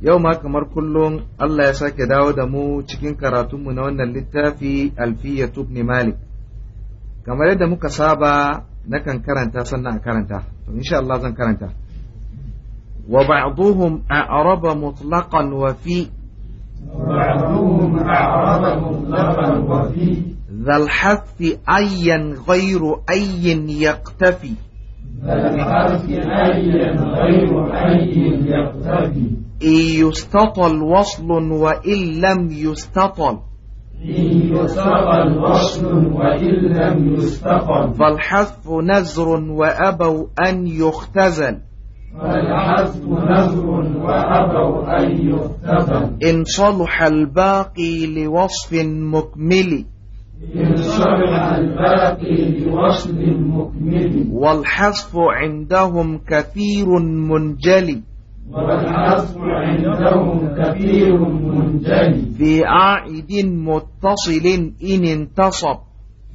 yau ma kamar kullum Allah ya sake dawo da mu cikin karatunmu na wannan littafi alfiya tubni malik kamar yadda muka saba na kan karanta sannan a karanta to insha Allah zan karanta wa ba'duhum a'raba mutlaqan wa fi ba'duhum a'raba mutlaqan wa fi dhal hasfi ayyan ghayru ayyin yaqtafi dhal hasfi ayyan ghayru yaqtafi إن يستطل وصل وإن لم يستطل إن يستطل وصل وإن لم يستطل فالحذف نزر وأبوا أن يختزل نزر وأبوا أن إن صلح الباقي لوصف مكمل إن صلح الباقي لوصف مكمل والحذف عندهم كثير منجلي والعصر عندهم كثير منجلي في عائد متصل إن انتصب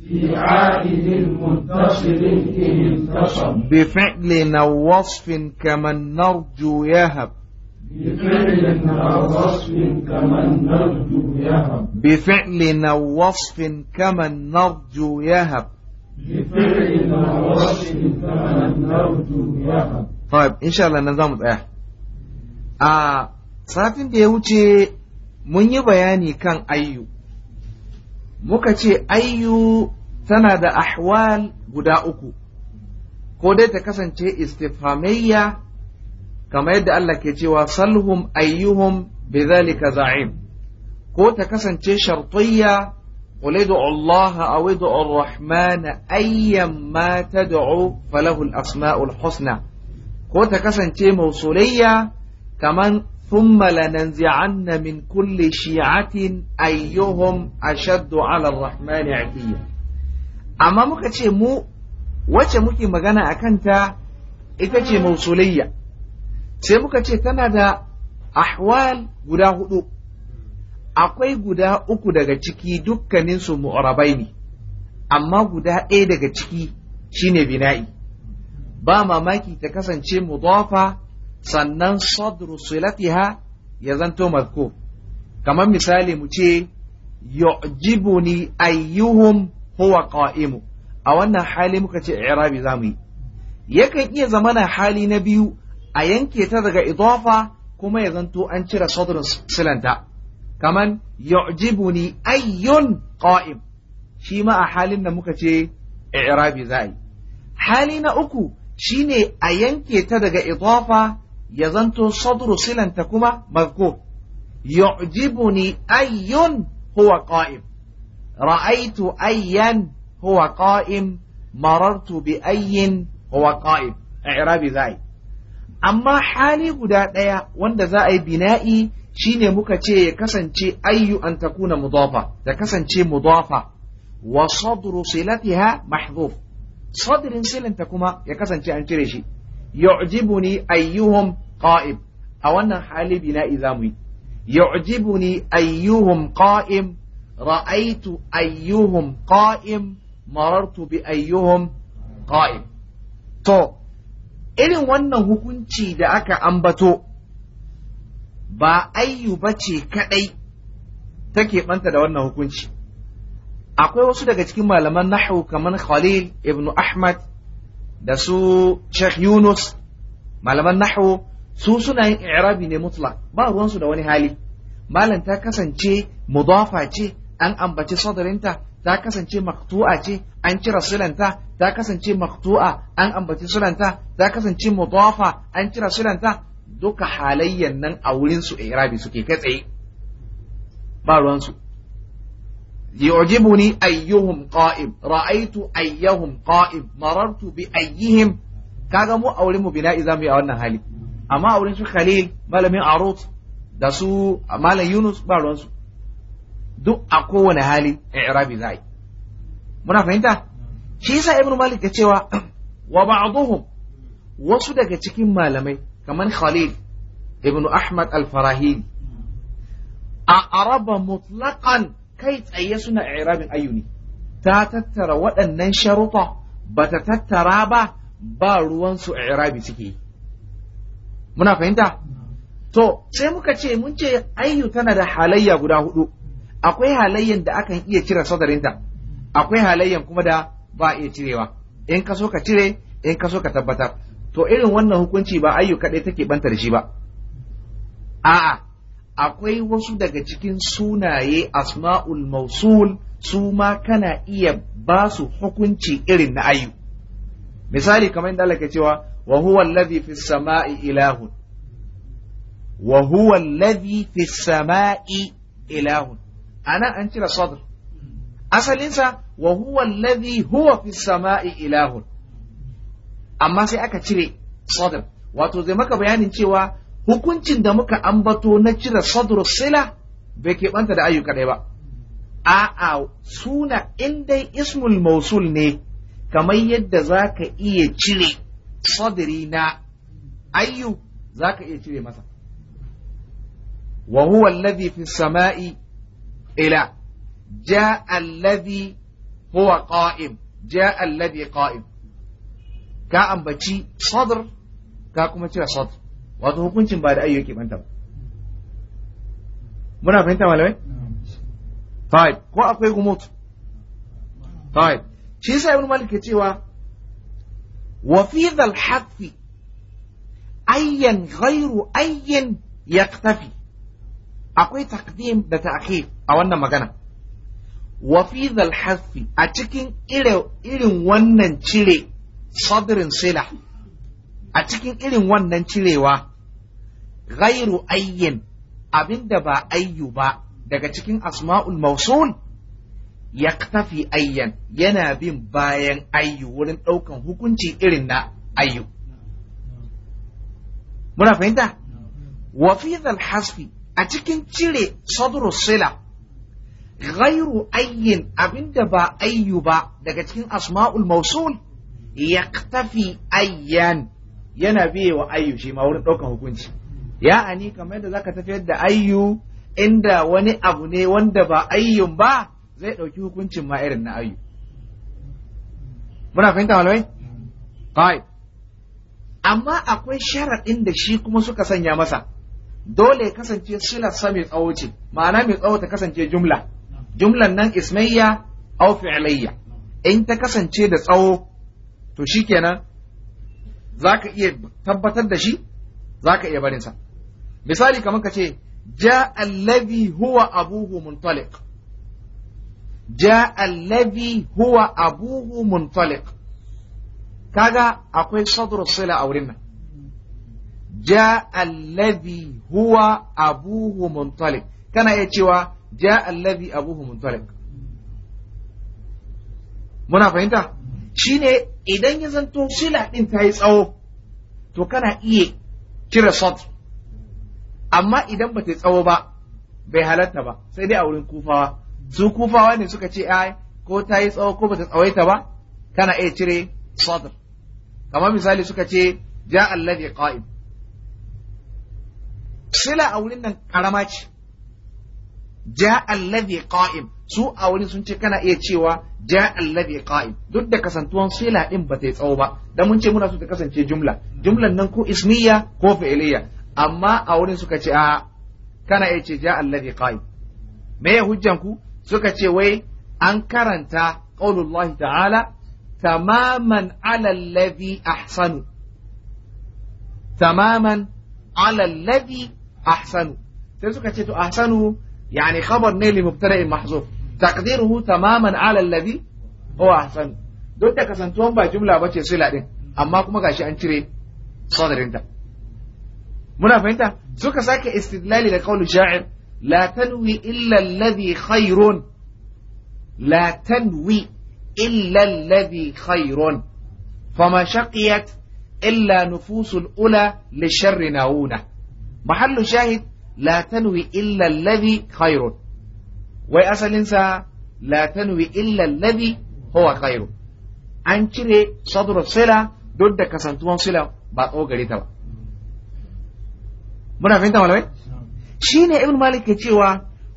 في عائد متصل إن انتصب بفعل أو وصف كمن نرجو يهب بفعل أو وصف كمن نرجو يهب بفعل أو وصف كمن نرجو يهب بفعل أو وصف كمن نرجو يهب طيب إن شاء الله نظام إيه a satin da ya wuce mun yi bayani kan ayyu muka ce ayyu tana da ahwal guda uku ko dai ta kasance istifhamiyya kamar yadda Allah ke cewa salhum ayyuhum bidhalika za'im ko ta kasance Allah قل ادعوا الله أو ayyan ma ta تدعو فله asma'ul الحسنى ko ta kasance mausuliya kaman ثم لننزعن من كل شيعة أيهم أشد على الرحمن عتيا أما مكتشي مو wacce muke magana a kanta ita ce sai muka ce tana da ahwal guda hudu akwai guda uku daga ciki dukkaninsu mu'arabai ne amma guda ɗaya daga ciki shine bina'i ba mamaki ta kasance mudafa sannan sadru silatiha ya zanto mazkur kamar misali mu ce yu'jibuni ayyuhum huwa qa'imu a wannan hali muka ce i'rabi zamu yi yakan iya na hali na biyu a yanke ta daga idafa kuma ya zanto an cire sadrun silanta kaman yu'jibuni ayyun qa'im shi ma a halin da muka ce i'rabi za hali na uku shine a yanke ta daga idafa ya zanto sadru silanta kuma mazkur yu'jibuni ayyun huwa qa'im ra'aytu ayyan huwa qa'im marartu bi ayyin huwa qa'im i'rabi zai amma hali guda ɗaya wanda za a yi bina'i shine muka ce ya kasance ayyu an takuna mudafa Ya kasance mudafa wa sadru silatiha mahdhuf sadrin silanta kuma ya kasance an cire shi yu'jibuni ayyuhum qa'im a wannan hali bina'i zamu yi yu'jibuni ayyuhum qa'im ra'aitu ayyuhum qa'im marartu bi ayyuhum qa'im to irin wannan hukunci da aka ambato ba ayyu bace kadai take banta da wannan hukunci akwai wasu daga cikin malaman nahwu kamar Khalil ibn Ahmad da su Sheikh Yunus malaman nahwu su suna yin i'rabi ne mutlaq ba ruwansu da wani hali malam ta kasance mudafa ce an ambaci sadarinta ta kasance maktu'a ce an cire silanta ta kasance maktu'a an ambaci silanta ta kasance mudafa an cire silanta duka halayyan nan a wurin su i'rabi suke kai tsaye ba ruwansu ayyuhum أيهم قائم رأيت أيهم Marartu bi ayyihim. kaga mu a wurin mu bina'i zamu yi a wannan hali amma a wurin su Khalil malamin Arut da su malam Yunus ba ruwan su duk a kowane hali i'rabi zai muna fahimta shi yasa Ibn Malik ya cewa wa ba'dhum wasu daga cikin malamai kamar Khalil ibn Ahmad al-Farahili a araba mutlaqan kai tsaye suna i'rabin ayyuni ta tattara waɗannan sharuta ta tattara ba ba ruwansu i'rabi suke yi. muna fahimta to sai muka ce mun ce ayyu tana da halayya guda hudu akwai halayyan da akan iya cire sadarinta akwai halayyan kuma da ba iya cirewa in ka so ka cire in ka so ka tabbatar to irin wannan hukunci ba ayyu kaɗai take banta da shi ba a'a akwai wasu daga cikin sunaye asma'ul mausul su ma kana iya ba su hukunci irin na ayu misali kamar inda Allah ke cewa wa huwa allazi fis sama'i ilahun wa huwa allazi sama'i ilahun ana an cire sadr asalinsa wa huwa allazi huwa fis sama'i ilahun amma sai aka cire sadr wato zai maka bayanin cewa hukuncin da muka ambato na cire sadru sila bai keɓanta da ayyuka ɗaya ba a'a suna in dai ismul mausul ne kamar yadda za ka iya cire sadri na ayyu za ka iya cire masa wa huwa alladhi fi sama'i ila ja'a alladhi huwa qa'im ja'a alladhi qa'im ka ambaci sadr ka kuma cire sadr wato hukuncin ba da ayyu yake banta ba muna fahimta malamai طيب ko akwai gumut طيب shi yasa ibn malik ke cewa wa fi dhal haqqi ayyan ghairu ayyan yaktafi akwai taqdim da ta'khir a wannan magana wa fi dhal haqqi a cikin irin wannan cire sadrin sila a cikin irin wannan cirewa ghairu abinda ba ayyu ba daga cikin asma'ul mausul yaktafi ayyan yana bin bayan ayyu wurin ɗaukan hukunci irin na ayyu muna fahimta wa fi hasfi a cikin cire sadru sila ghairu ayyin abinda ba ayyu ba daga cikin asma'ul mausul yaktafi ayyan yana biye wa ayyu ma wurin ɗaukan hukunci ya'ani kamar yadda zaka tafiyar da ayyu inda wani abu ne wanda ba ayyun ba zai ɗauki hukuncin ma irin na ayyu muna fahimta malamai kai amma akwai sharaɗin da shi kuma suka sanya masa dole ya kasance sa mai tsawo ce ma'ana mai tsawo ta kasance jumla jumlan nan ismayya au fi'layya in ta kasance da tsawo to shikenan zaka iya tabbatar da shi zaka iya sa misali kamar ka ce ja allazi huwa abuhu muntaliq ja allazi huwa abuhu muntaliq kaga akwai sadru sila a wurin nan ja allazi huwa abuhu muntaliq kana iya cewa ja allazi abuhu muntaliq muna fahimta shine idan ya zanto sila din ta yi tsawo to kana iya cire sadru amma idan ba ta tsawo ba bai halarta ba sai dai a wurin kufawa su kufawa ne suka ce ai ko ta yi tsawo ko ba ta tsawaita ba kana iya cire sadr kamar misali suka ce ja alladhi qa'im sila a wurin nan karama ce ja alladhi qa'im su a wurin sun ce kana iya cewa ja alladhi qa'im duk da kasantuwan sila din ba ta yi tsawo ba dan mun ce muna so ta kasance jumla jumlan nan ko ismiya ko fi'liya amma a wurin suka ce a kana iya ce ja allazi qa'id me ya hujjan ku suka ce wai an karanta qaulullahi ta'ala tamaman ala allazi ahsanu tamaman ala allazi ahsanu sai suka ce to ahsanu yani khabar ne li mubtada'in mahzuf taqdiruhu tamaman ala allazi huwa ahsanu duk da kasantuwan ba jumla bace sila din amma kuma gashi an cire sadarinta منا فهمتها زوكا ساكا استدلالي لقول الشاعر لا تنوي إلا الذي خير لا تنوي إلا الذي خير فما شقيت إلا نفوس الأولى للشر ناونة محل شاهد لا تنوي إلا الذي خير ويأسل إنسا لا تنوي إلا الذي هو خير أنت صدر الصلة ضد كسنتون صلة بطوغة لتبقى muna fahimta malamai shine ibn malik ke cewa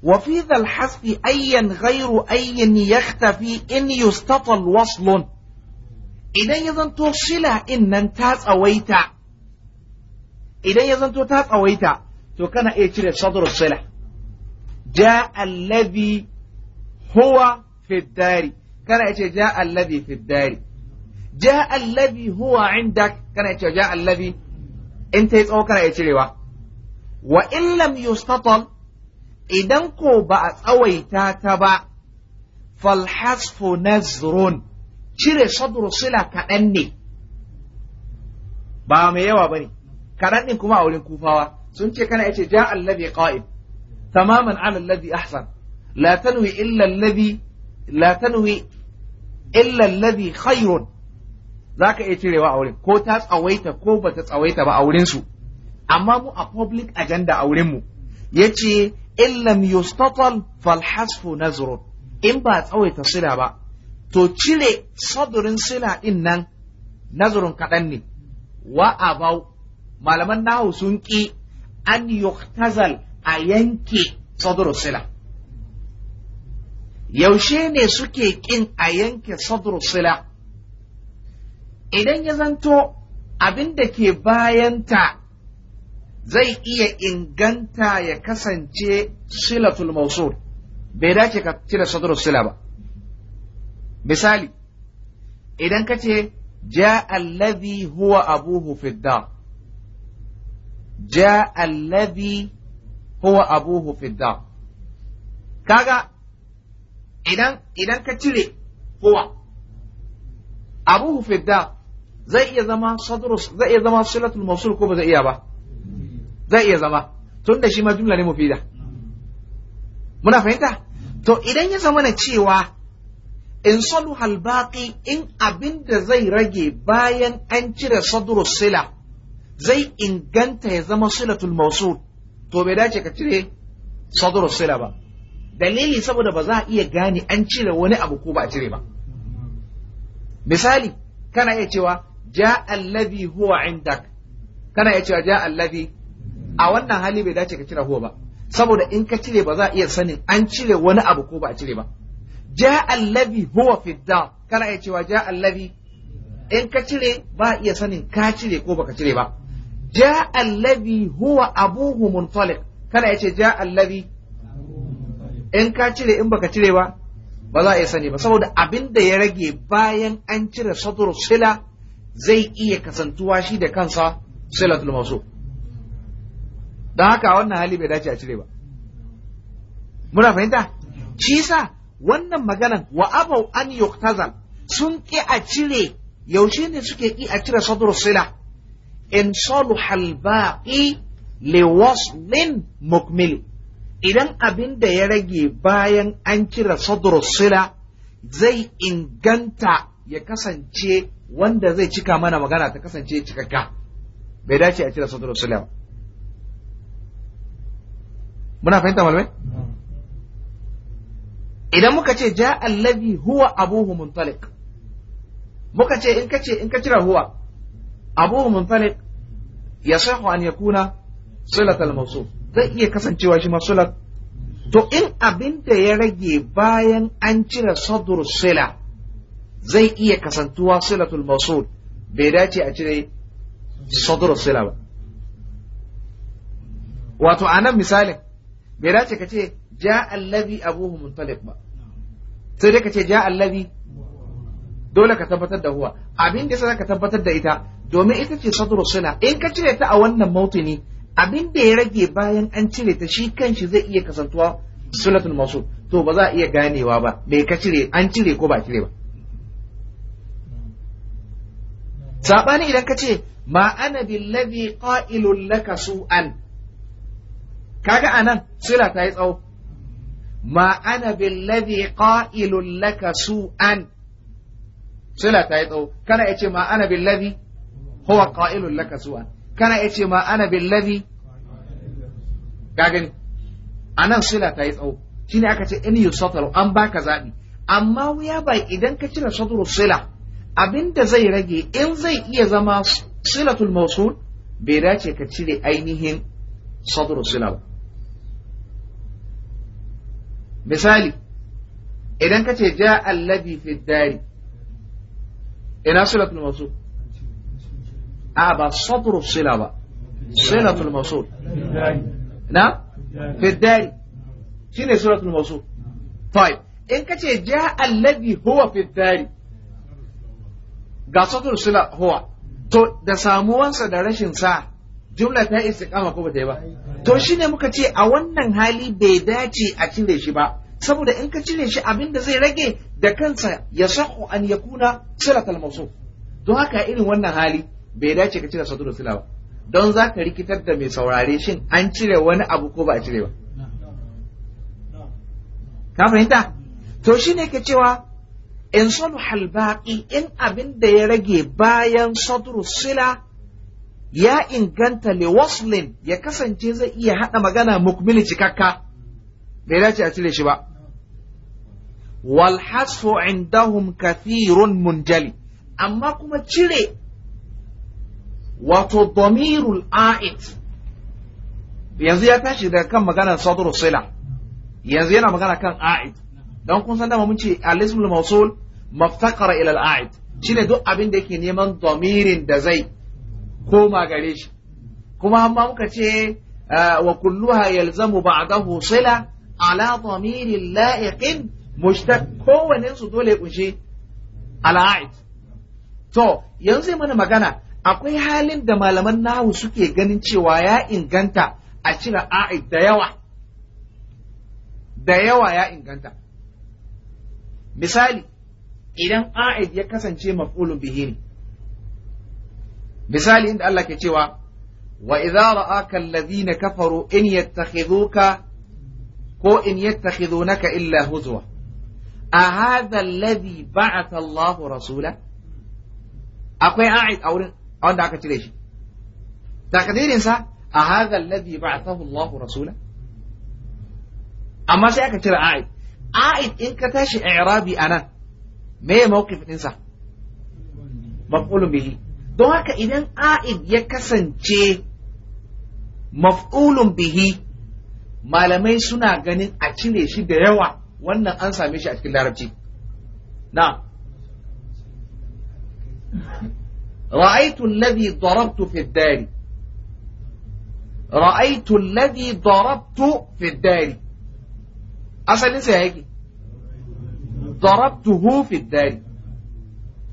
wa fi dhal hasfi ayyan ghairu ayyan yaktafi in yustatal waslun idan ya zanto shila in nan ta tsawaita idan ya zanto ta tsawaita to kana iya cire sadr sila ja alladhi huwa fi dari kana iya ce ja alladhi fi dari ja alladhi huwa indak kana iya ce ja alladhi in ta yi tsawo kana iya cirewa wa in lam yustatal idan ko ba a tsawaita ta ba fal hasfu nazrun cire sadru sila kaɗan ne ba mai yawa ne. kaɗan ɗin kuma a wurin kufawa sun ce kana yace ja allazi qa'im tamaman ala allazi ahsan la tanwi illa allazi la tanwi illa allazi khairun zaka iya cirewa a wurin ko ta tsawaita ko bata tsawaita ba a wurin su amma mu a public agenda a wurinmu, ya ce illam yustatal falhasfu nazrun in ba tsawaita sila ba to cire sadurin sila din nan nazrun kaɗan ne wa abau malaman nahu sun ƙi an yuktazal a yanke sadurin sila yaushe ne suke ƙin a yanke sadurin sila idan ya zanto abin da ke bayanta zai iya inganta ya kasance silatul mausul bai dace ka cire sadrul sila ba misali idan ka ce ja allazi huwa abuhu fi ja allazi huwa abuhu fi dar kaga idan idan ka cire huwa abuhu fi zai iya zama sadrus zai iya zama silatul mausul ko ba zai iya ba zai iya zama tun da shi ma jumla ne mufida muna fahimta to idan ya zama na cewa in salu halbaki in abin da zai rage bayan an cire sadru sila zai inganta ya zama silatul mausul to bai dace ka cire sadru sila ba dalili saboda ba za a iya gane an cire wani abu ko ba a cire ba misali kana iya cewa ja alladhi huwa indak kana iya cewa ja alladhi a wannan hali bai dace ka cire huwa ba saboda in ka cire ba za a iya sanin an cire wani abu ko ba a cire ba ja allabi huwa fi kana iya cewa ja allabi in ka cire ba a iya sanin ka cire ko baka cire ba ja allabi huwa abuhu muntaliq kana iya ce ja allabi in ka cire in baka cire ba ba za a iya sani ba saboda abin da ya rage bayan an cire sadur sila zai iya kasantuwa shi da kansa silatul mawsuf don haka wannan hali bai dace a cire ba muna fahimta shi sa wannan maganan wa abau an yuktazal sun ki a cire yaushe ne suke ki a cire sadur sila in saluhal baqi li waslin mukmil idan abin da ya rage bayan an cire sadur sila zai inganta ya kasance wanda zai cika mana magana ta kasance cikakka bai dace a cire sadur sila ba muna fahimta malamai hmm. idan muka ce ja allabi huwa abuhu muntalik muka ce in kace in ka cira huwa abuhu muntalik yasahu an yakuna silat al-mawsuf zai iya kasancewa shi ma silat to in abin da ya rage bayan an cire sadr sila zai iya kasantuwa silatul mawsul bai dace a cire sadr sila ba wato anan misalin bai dace ka ce ja allabi abuhu muntalib ba sai dai ka ce ja allabi, dole ka tabbatar da huwa abin da sai ka tabbatar da ita domin ita ce sadru suna in ka cire ta a wannan mautuni abin da ya rage bayan an cire ta shi kanshi zai iya kasantuwa sulatul masul to ba za a iya ganewa ba me ka cire an cire ko ba cire ba sabani idan ka ce ma ana billazi qailul laka su'an kaga anan sila ta yi tsawo ma ana billazi qa'ilun laka su'an sila ta yi tsawo kana yace ma ana billazi huwa qa'ilun laka su'an kana yace ma ana billazi kaga anan sila ta yi tsawo shine aka ce in yusataru an baka zabi amma wuya bai idan ka cire sadru sila abinda zai rage in zai iya zama silatul mausul bai dace ka cire ainihin sadru sila ba misali idan ka ce ja allabi fi dari ina silatul mawsul a ba satru sila ba silatul mawsul na fi dari shine silatul mawsul طيب in ka ce ja allabi huwa fi dari ga satru sila huwa to da samuwansa da rashin sa jumla ta istiqama ko ba ta yi ba to shi ne muka ce a wannan hali bai dace a cire shi ba saboda in ka cire shi abin da zai rage da kansa ya sahu an ya kuna silatul mawsuf don haka irin wannan hali bai dace ka cire da sila ba don za ka rikitar da mai saurare shin an cire wani abu ko ba a cire ba ka fahimta to shine ke cewa in sanu halbaƙi in abin da ya rage bayan sadrul sila ya inganta liwaslin ya kasance zai iya haɗa magana Mukminu cikakka bai dace a cire shi ba wal hasfu indahum kathirun munjali amma kuma cire wato domirul a'id yanzu ya tashi daga kan maganar sadru sila yanzu yana magana kan a'id don kun san dama mun ce alismul mawsul maftaqara ila al-a'id Cire duk abin da yake neman damirin da zai koma gare shi kuma amma muka ce ah, wa kulluha yalzamu ba'dahu sila ala damirin la'iqin mushtaq kowanne su dole kunshi ala'id to yanzu mana magana akwai halin da malaman nahu suke ganin cewa ya inganta a cire a'id da yawa da yawa ya inganta misali idan a'id ya kasance maf'ulun bihi ne misali inda Allah ke cewa wa idza ra'aka alladhina kafaru in yattakhidhuka ko in yattakhidhunaka illa huzwa a hadha alladhi ba'atha Allah rasula akwai a'id a wurin wanda aka cire shi takdirin sa a hadha alladhi ba'athahu Allah rasula amma sai aka cire a'id a'id in ka tashi i'rabi anan me mawqif din sa maf'ulun bihi don haka idan a'id ya kasance maf'ulun bihi malamai suna ganin a cire shi da yawa wannan an same shi a cikin larabci na ra'aitu alladhi darabtu fi dari ra'aitu alladhi darabtu fi dari asalin sa yake darabtuhu fi dari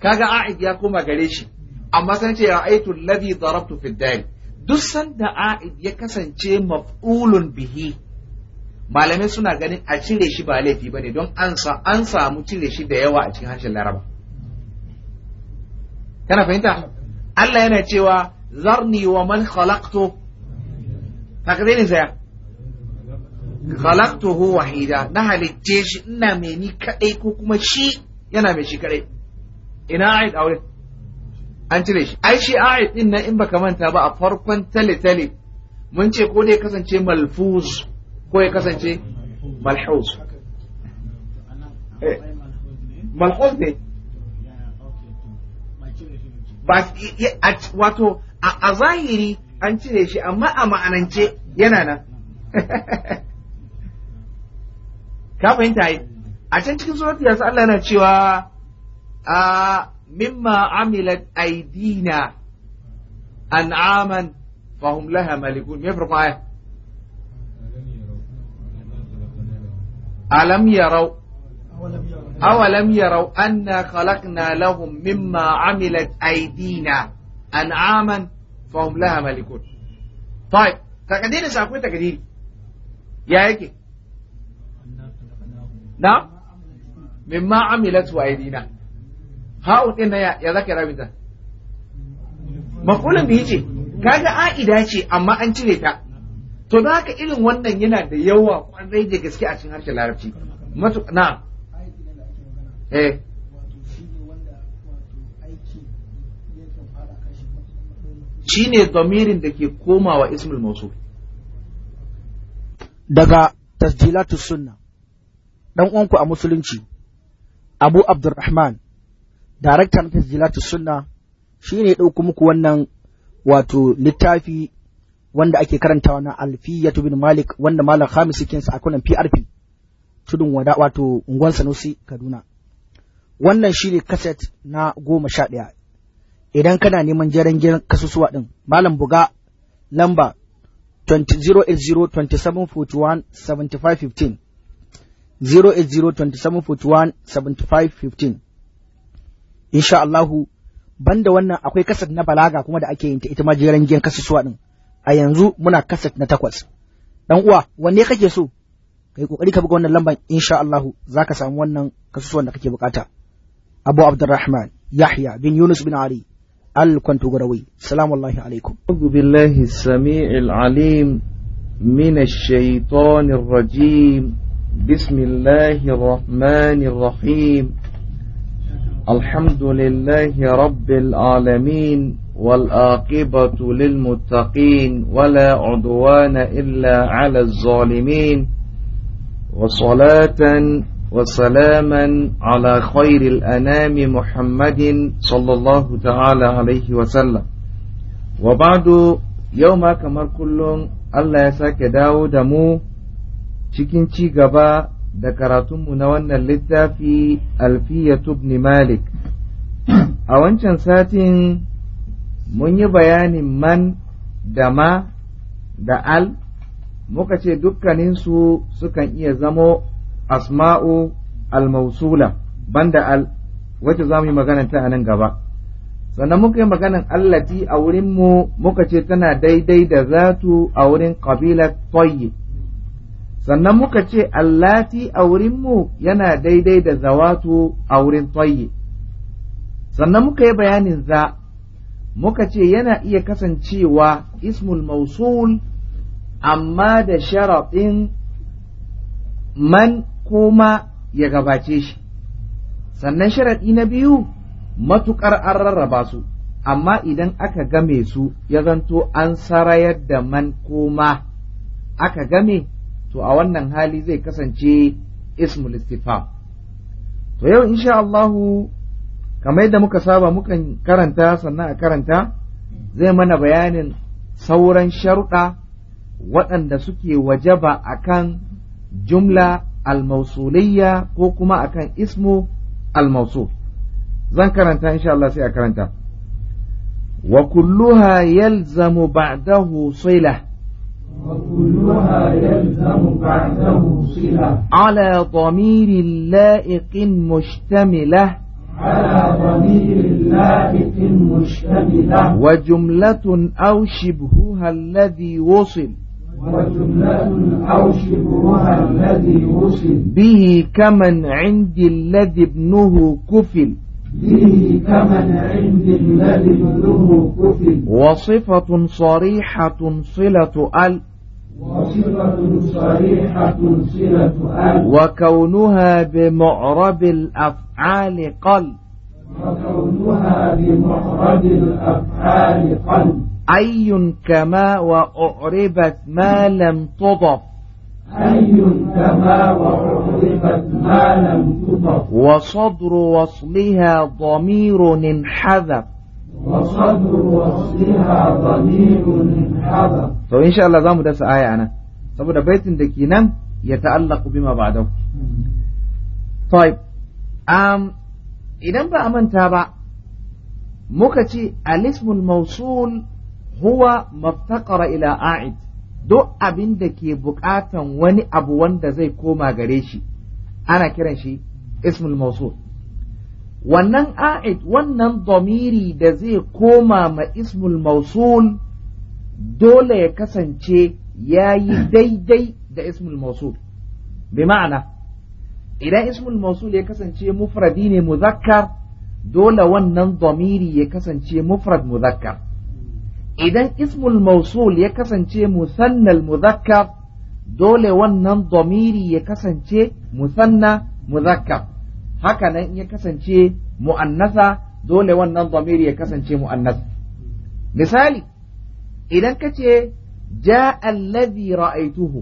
kaga a'id ya koma gare shi amma sai ce ra'aytu alladhi darabtu fi duk sanda a'id ya kasance maf'ulun bihi malamai suna ganin a cire shi ba laifi bane don an an samu cire shi da yawa a cikin harshen laraba kana fahimta Allah yana cewa zarni wa man khalaqtu takdirin saya khalaqtuhu wahida na halicce shi ina mai ni kadai ko kuma shi yana mai shi kadai ina a'id aure an cire shi ai shi a'id din nan in baka manta ba a farkon tale tale mun ce ko dai kasance malfuz ko ya kasance malhuz eh, malhuz ne ba wato a zahiri an cire shi amma a ma'anance yana nan ka fahimta yi a can cikin suratu yasa Allah yana cewa a مما عملت أيدينا أنعاما فهم لها مالكون يفرق معايا ألم يروا أولم يروا أنا خلقنا لهم مما عملت أيدينا أنعاما فهم لها مالكون طيب تقديري سأقول تقديري يا هيك نعم مما عملته أيدينا ha'un ɗin na ya zaka rabi ta maf'ulun bihi ce kaga a'ida ce amma an cire ta to da haka irin wannan yana da yawa kwarai da gaske a cikin harshen larabci na eh shi ne domirin da ke komawa ismul mausu daga tasjilatu sunna dan uwanku a musulunci abu abdurrahman daraktan fizilatu sunna shi ne ɗauku muku wannan wato littafi wanda ake karantawa na alfiyatu bin malik wanda malam hamis yakinsa a kunan prp tudun wada wato unguwan sanusi kaduna wannan shi ne kaset na goma sha ɗaya idan kana neman jaren gidan kasusuwa ɗin malam buga lamba 75 15. insha Allahu banda wannan akwai kasat na balaga kuma da ake yin ta ita ma jeren giyan kasusuwa din a yanzu muna kasat na takwas dan uwa wanne kake so kai kokari ka buga wannan lamban insha Allahu zaka samu wannan kasusuwan da kake bukata Abu Abdurrahman Yahya bin Yunus bin Ali الكنتوغروي السلام alaikum. عليكم أعوذ بالله السميع العليم من الشيطان الرجيم بسم الله الرحمن الرحيم الحمد لله رب العالمين والآقبة للمتقين ولا عدوان إلا على الظالمين وصلاة وسلاما على خير الأنام محمد صلى الله تعالى عليه وسلم وبعد يوم كمر كل الله يساك داود مو cikin ci gaba da karatunmu na wannan littafi alfiyatu ibn malik a wancan satin mun yi bayanin man da ma da al muka ce dukkaninsu sukan iya zamo asma'u al-mausula banda al wacce za mu yi magana ta a nan gaba sannan muka yi maganan allati a wurinmu muka ce tana daidai da zatu a wurin ƙabilar toyi sannan muka ce allati a wurinmu yana daidai da zawatu a wurin sannan muka yi bayanin za muka ce yana iya kasancewa ismul mausul amma da sharaɗin man kuma ya gabace shi sannan sharaɗi na biyu matuƙar an rarraba su amma idan aka game su ya zanto an sarayar da man koma aka game to a wannan hali zai kasance ismul istifham to yau insha Allahu kamar yadda muka saba mukan karanta sannan a karanta zai mana bayanin sauran sharuɗa waɗanda suke wajaba akan jumla almausuliyya ko kuma akan ismu almausul zan karanta insha Allah sai a karanta wa kulluha yalzamu ba'dahu silah وكلها يلزم بعده صلة على ضمير لائق مشتملة على ضمير لائق مشتملة وجملة أو شبهها الذي وصل وجملة أو شبهها الذي وصل به كمن عند الذي ابنه كفل كمن عند الذي وصفة صريحة صلة ال وصفة صريحة صلة ال وكونها بمعرب الأفعال قل وكونها بمعرب الأفعال قل أي كما وأعربت ما لم تضف حي كما وحرفت ما لم تطف وصدر وصلها ضمير انحذف وصدر وصلها ضمير انحذف فإن شاء الله زامو دس آية أنا ده بيت دكينا يتعلق بما بعده طيب أم إذا بقى من تابع مكتي الاسم الموصول هو ما افتقر إلى أعد duk abin da ke buƙatan wani abu wanda zai koma gare shi ana kiran shi ismul mausul wannan a'id wannan domiri da zai koma ma ismul mausul dole ya kasance ya yi daidai da ismul mausul bi ma'ana idan ismul mausul ya kasance mufradi ne muzakkar dole wannan domiri ya kasance mufrad muzakkar idan ismul mausul ya kasance musannal muzakkar dole wannan domiri ya kasance musanna muzakkar haka nan ya kasance mu'annasa dole wannan domiri ya kasance mu'annasa. misali idan ka ce ja allazi ra'aituhu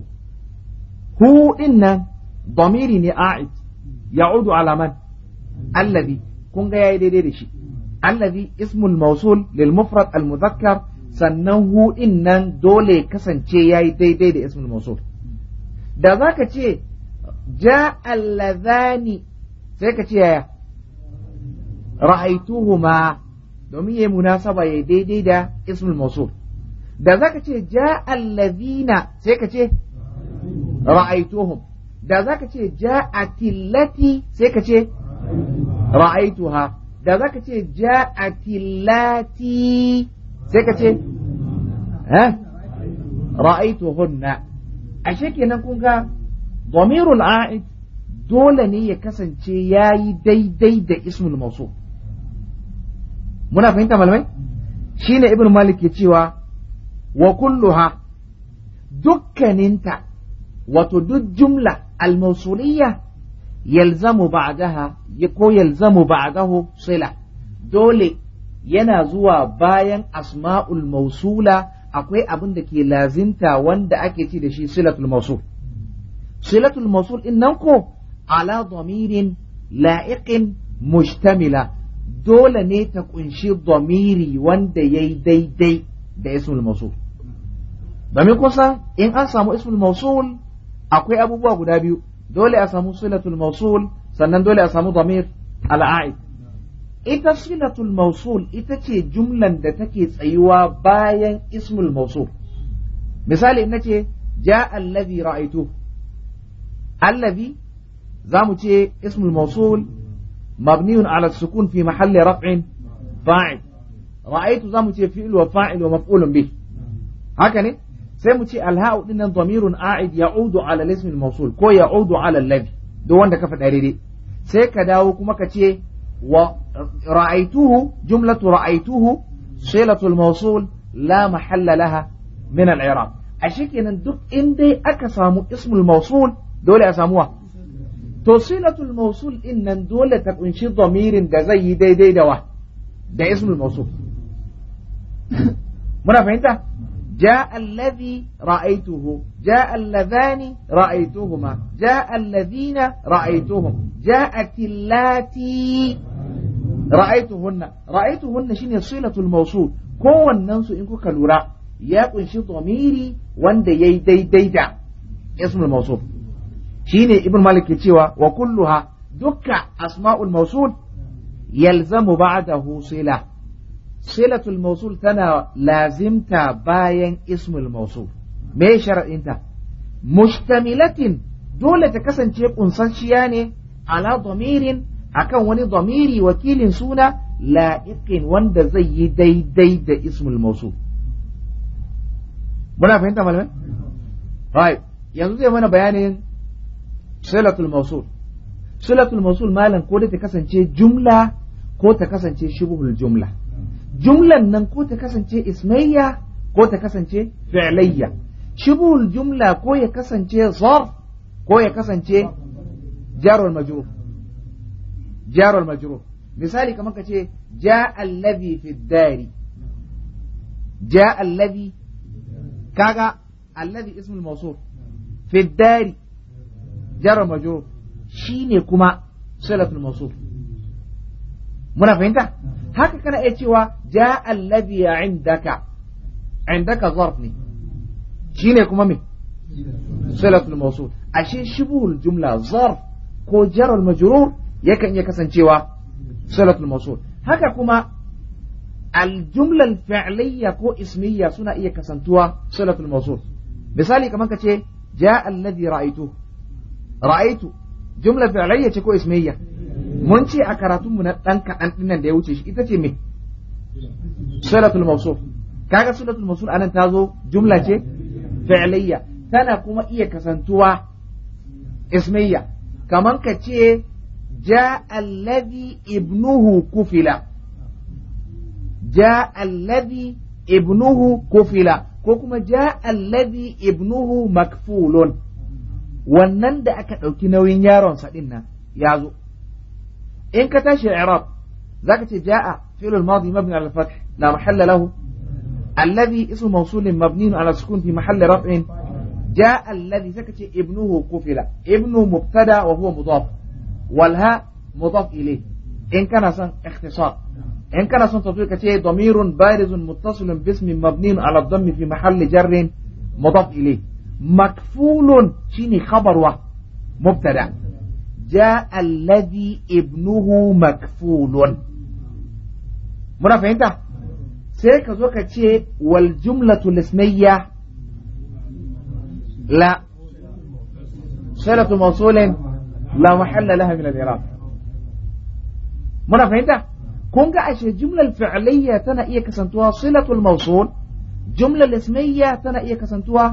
hu dinnan domiri ne a'id ya'udu ala alaman. allazi kun ga yayi daidai da shi allazi ismul mausul lil mufrad al muzakkar sannan hu in nan dole kasance ya yi daidai da ismul mawsul da za ka ce ja alladhani sai ka ce yaya ra'aituhuma domin ya yi munasaba ya yi daidai da ismul mawsul da za ka ce ja alladhina sai ka ce ra'aituhum da za ka ce ja a lati sai ka ce ra'aituha da za ka ce ja a lati sai ka ce eh hunna ashe kenan kun ga dhamirul a'id dole ne ya kasance yayi daidai da ismul mawsuf muna fahimta malamai shine ibn malik ya cewa wa kulluha dukkaninta wato duk jumla almausuliyya yalzamu ba'daha ko yalzamu ba'dahu sila dole yana zuwa bayan asma'ul mausula akwai abin da ke lazinta wanda ake ci da shi silatul mausul silatul mausul din nan ko ala damirin la'iqin mushtamila dole ne ta kunshi damiri wanda yayi daidai da ismul mausul domin kusa in an samu ismul mausul akwai abubuwa guda biyu dole a samu silatul mausul sannan dole a samu damir al'a'id ita silatul mausul ita ce jumlan da take tsayuwa bayan ismul mausul misali ina ce ja allazi ra'aitu allazi za mu ce ismul mausul mabniun ala sukun fi mahalli raf'in fa'il ra'aitu za mu ce fi'il wa fa'il wa maf'ulun bih haka ne sai mu ce alha'u din nan dhamirun a'id ya'udu ala ismil mausul ko ya'udu ala allazi duk wanda ka faɗa daidai sai ka dawo kuma ka ce ورأيته جملة رأيته صلة الموصول لا محل لها من العراق أشيك أن الدق إندي أكسامو اسم الموصول دولة أساموها توصيلة الموصول إن دولة تكونش ضمير دزي دي دي دوا ده اسم الموصول منا فهمت جاء الذي رأيته جاء اللذان رأيتهما جاء الذين رأيتهم جاءت اللاتي رأيتهن رأيتهن شنو صلة الموصول كون ننسو إنكو كالوراء يكون شي ضميري وان دي دي دي دا اسم الموصول شيني ابن مالك يتشوى وكلها دك أسماء الموصول يلزم بعده صلة silatul mausul tana lazimta bayan ismul mausul me shar'inta mustamilatin dole ta kasance kunsanciya ne ala domirin akan wani domiri wakilin suna la'iqin wanda zai yi daidai da ismul mausul muna fahimta malamai Hai. yanzu zai mana bayanin silatul mausul silatul mausul malam ko dai ta kasance jumla ko ta kasance shibhul jumla jumlan nan ko ta kasance ismayya ko ta kasance fi'layya shibul jumla ko ya kasance zor, ko ya kasance jarul majrur jarul majrur misali kamar ka ce ja allazi fi dari ja allazi kaga allazi ismul mawsuf fi dari jarul majrur shine kuma silatul mawsuf muna fahimta haka kana iya cewa ja alladhi indaka indaka zarf ne shine kuma me al mawsul ashe shibhul jumla zarf ko jar al majrur yakan iya kasancewa al mawsul haka kuma al jumla al fi'liyya ko ismiyya suna iya kasantuwa silatul mawsul misali kamar kace ja alladhi ra'aytu ra'aytu jumla fi'liyya ce ko ismiyya mun ce a karatun mu na ɗan an ɗinnan da ya wuce shi ita ce me suratul mawsuf kaga suratul mawsuf anan ta zo jumla ce fi'liya tana kuma iya kasantuwa ismiya kaman ka ce ja alladhi ibnuhu kufila ja alladhi ibnuhu kufila ko kuma ja alladhi ibnuhu makfulun wannan da aka ɗauki nauyin yaron sa nan ya zo إن كتاش الإعراب ذاك جاء فعل الماضي مبني على الفتح لا محل له الذي اسم موصول مبني على السكون في محل رفع جاء الذي ذاك ابنه كفل ابنه مبتدا وهو مضاف والهاء مضاف إليه إن كان سن اختصار إن كان سن تطبيق ضمير بارز متصل باسم مبني على الضم في محل جر مضاف إليه مكفول شيني خبر مبتدا جاء الذي ابنه مكفول fahimta sai ka zo ka ce wal jumlatu fahimta kun ga ashe jumlar fi'liyya tana iya tana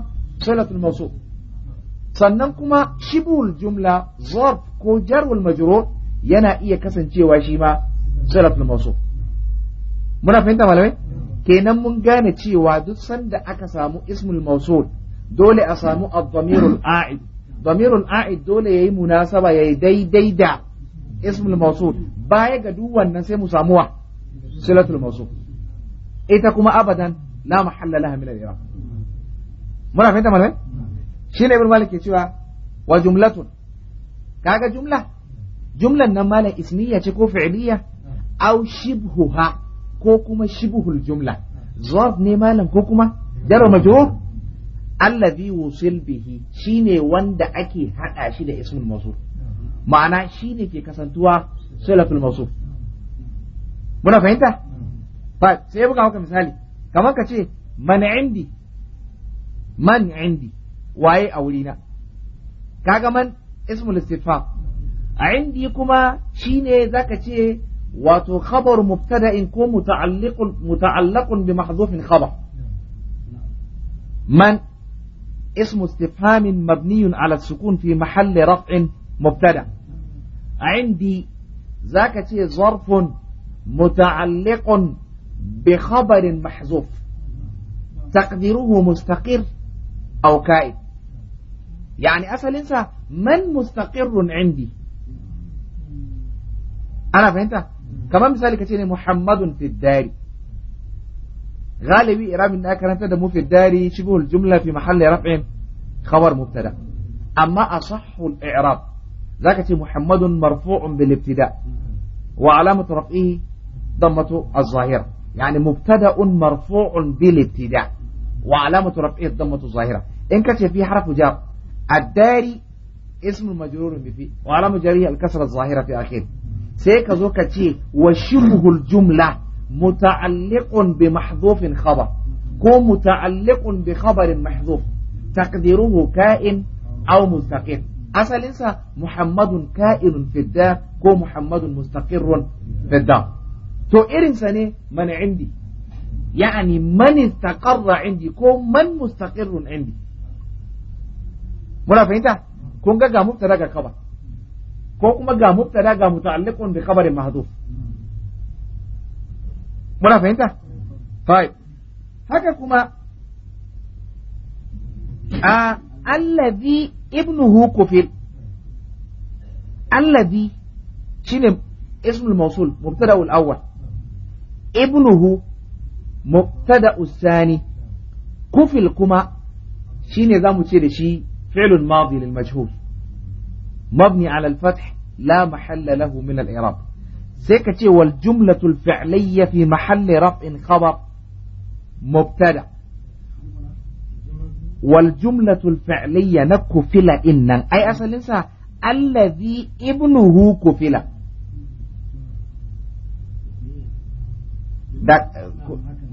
sannan kuma shibul jumla zarf ko jarul majrur yana iya kasancewa shi ma sharaful mawsuf muna fahimta malamai kenan mun gane cewa duk sanda aka samu ismul masu dole a samu ad-damirul a'id damirul a'id dole yayi munasaba yayi daidai da ismul mawsul baya ga duk wannan sai mu samuwa wa silatul ita kuma abadan la mahalla laha min al-i'rab muna fahimta malamai shine ibn malik ke cewa wa jumlatun kaga jumla jumlan nan malam ismiya ce ko fi'liya Au shibhuha ko kuma shibhul jumla Zo ne malam ko kuma jaro majrur allazi wusil bihi shine wanda ake hada shi da ismul mawsul ma'ana shine ke kasantuwa silatul mawsul muna fahimta ba sai buga maka misali kamar ka ce man indi man indi waye a wurina kaga man اسم الاستفهام عنديكما شيني ذاك شيء واتو خبر مبتدا كو متعلق متعلق بمحذوف خبر من اسم استفهام مبني على السكون في محل رفع مبتدا عندي ذاك شيء ظرف متعلق بخبر محذوف تقديره مستقر او كائن يعني أفلس من مستقر عندي أنا فهمت كما مثال كتير محمد في الدار غالبي إرام إن أكرمت دم في الدار شبه الجملة في محل رفع خبر مبتدا أما أصح الإعراب ذاك محمد مرفوع بالابتداء وعلامة رفعه ضمة الظاهرة يعني مبتدا مرفوع بالابتداء وعلامة رفعه ضمة الظاهرة إن كتب فيه حرف جار addari ismu majrurun bifi wa alamu jarihi al-kasra zahira fi akhir sai ka zo ka ce wa shibhul jumla muta'alliqun bi mahdhufin khabar ko muta'alliqun bi khabarin mahdhuf taqdiruhu ka'in aw mustaqir asalinsa muhammadun ka'inun fi ko muhammadun mustaqirun fi to irinsa ne man indi يعني من استقر عندي ko man مستقر عندي muna fahimta kun ga ga mubtada ga khabar ko kuma ga mubtada ga muta'alliqun bi khabarin mahdhuf muna fahimta طيب haka kuma a allazi ibnuhu kufil allazi shine ismul mawsul mubtada al-awwal ibnuhu mubtada usani kufil kuma shine zamu ce da shi فعل ماضي للمجهول مبني على الفتح لا محل له من الإعراب سيكتي والجملة الفعلية في محل رفع خبر مبتدا والجملة الفعلية نكفل إن أي أصل إنسا الذي ابنه كفل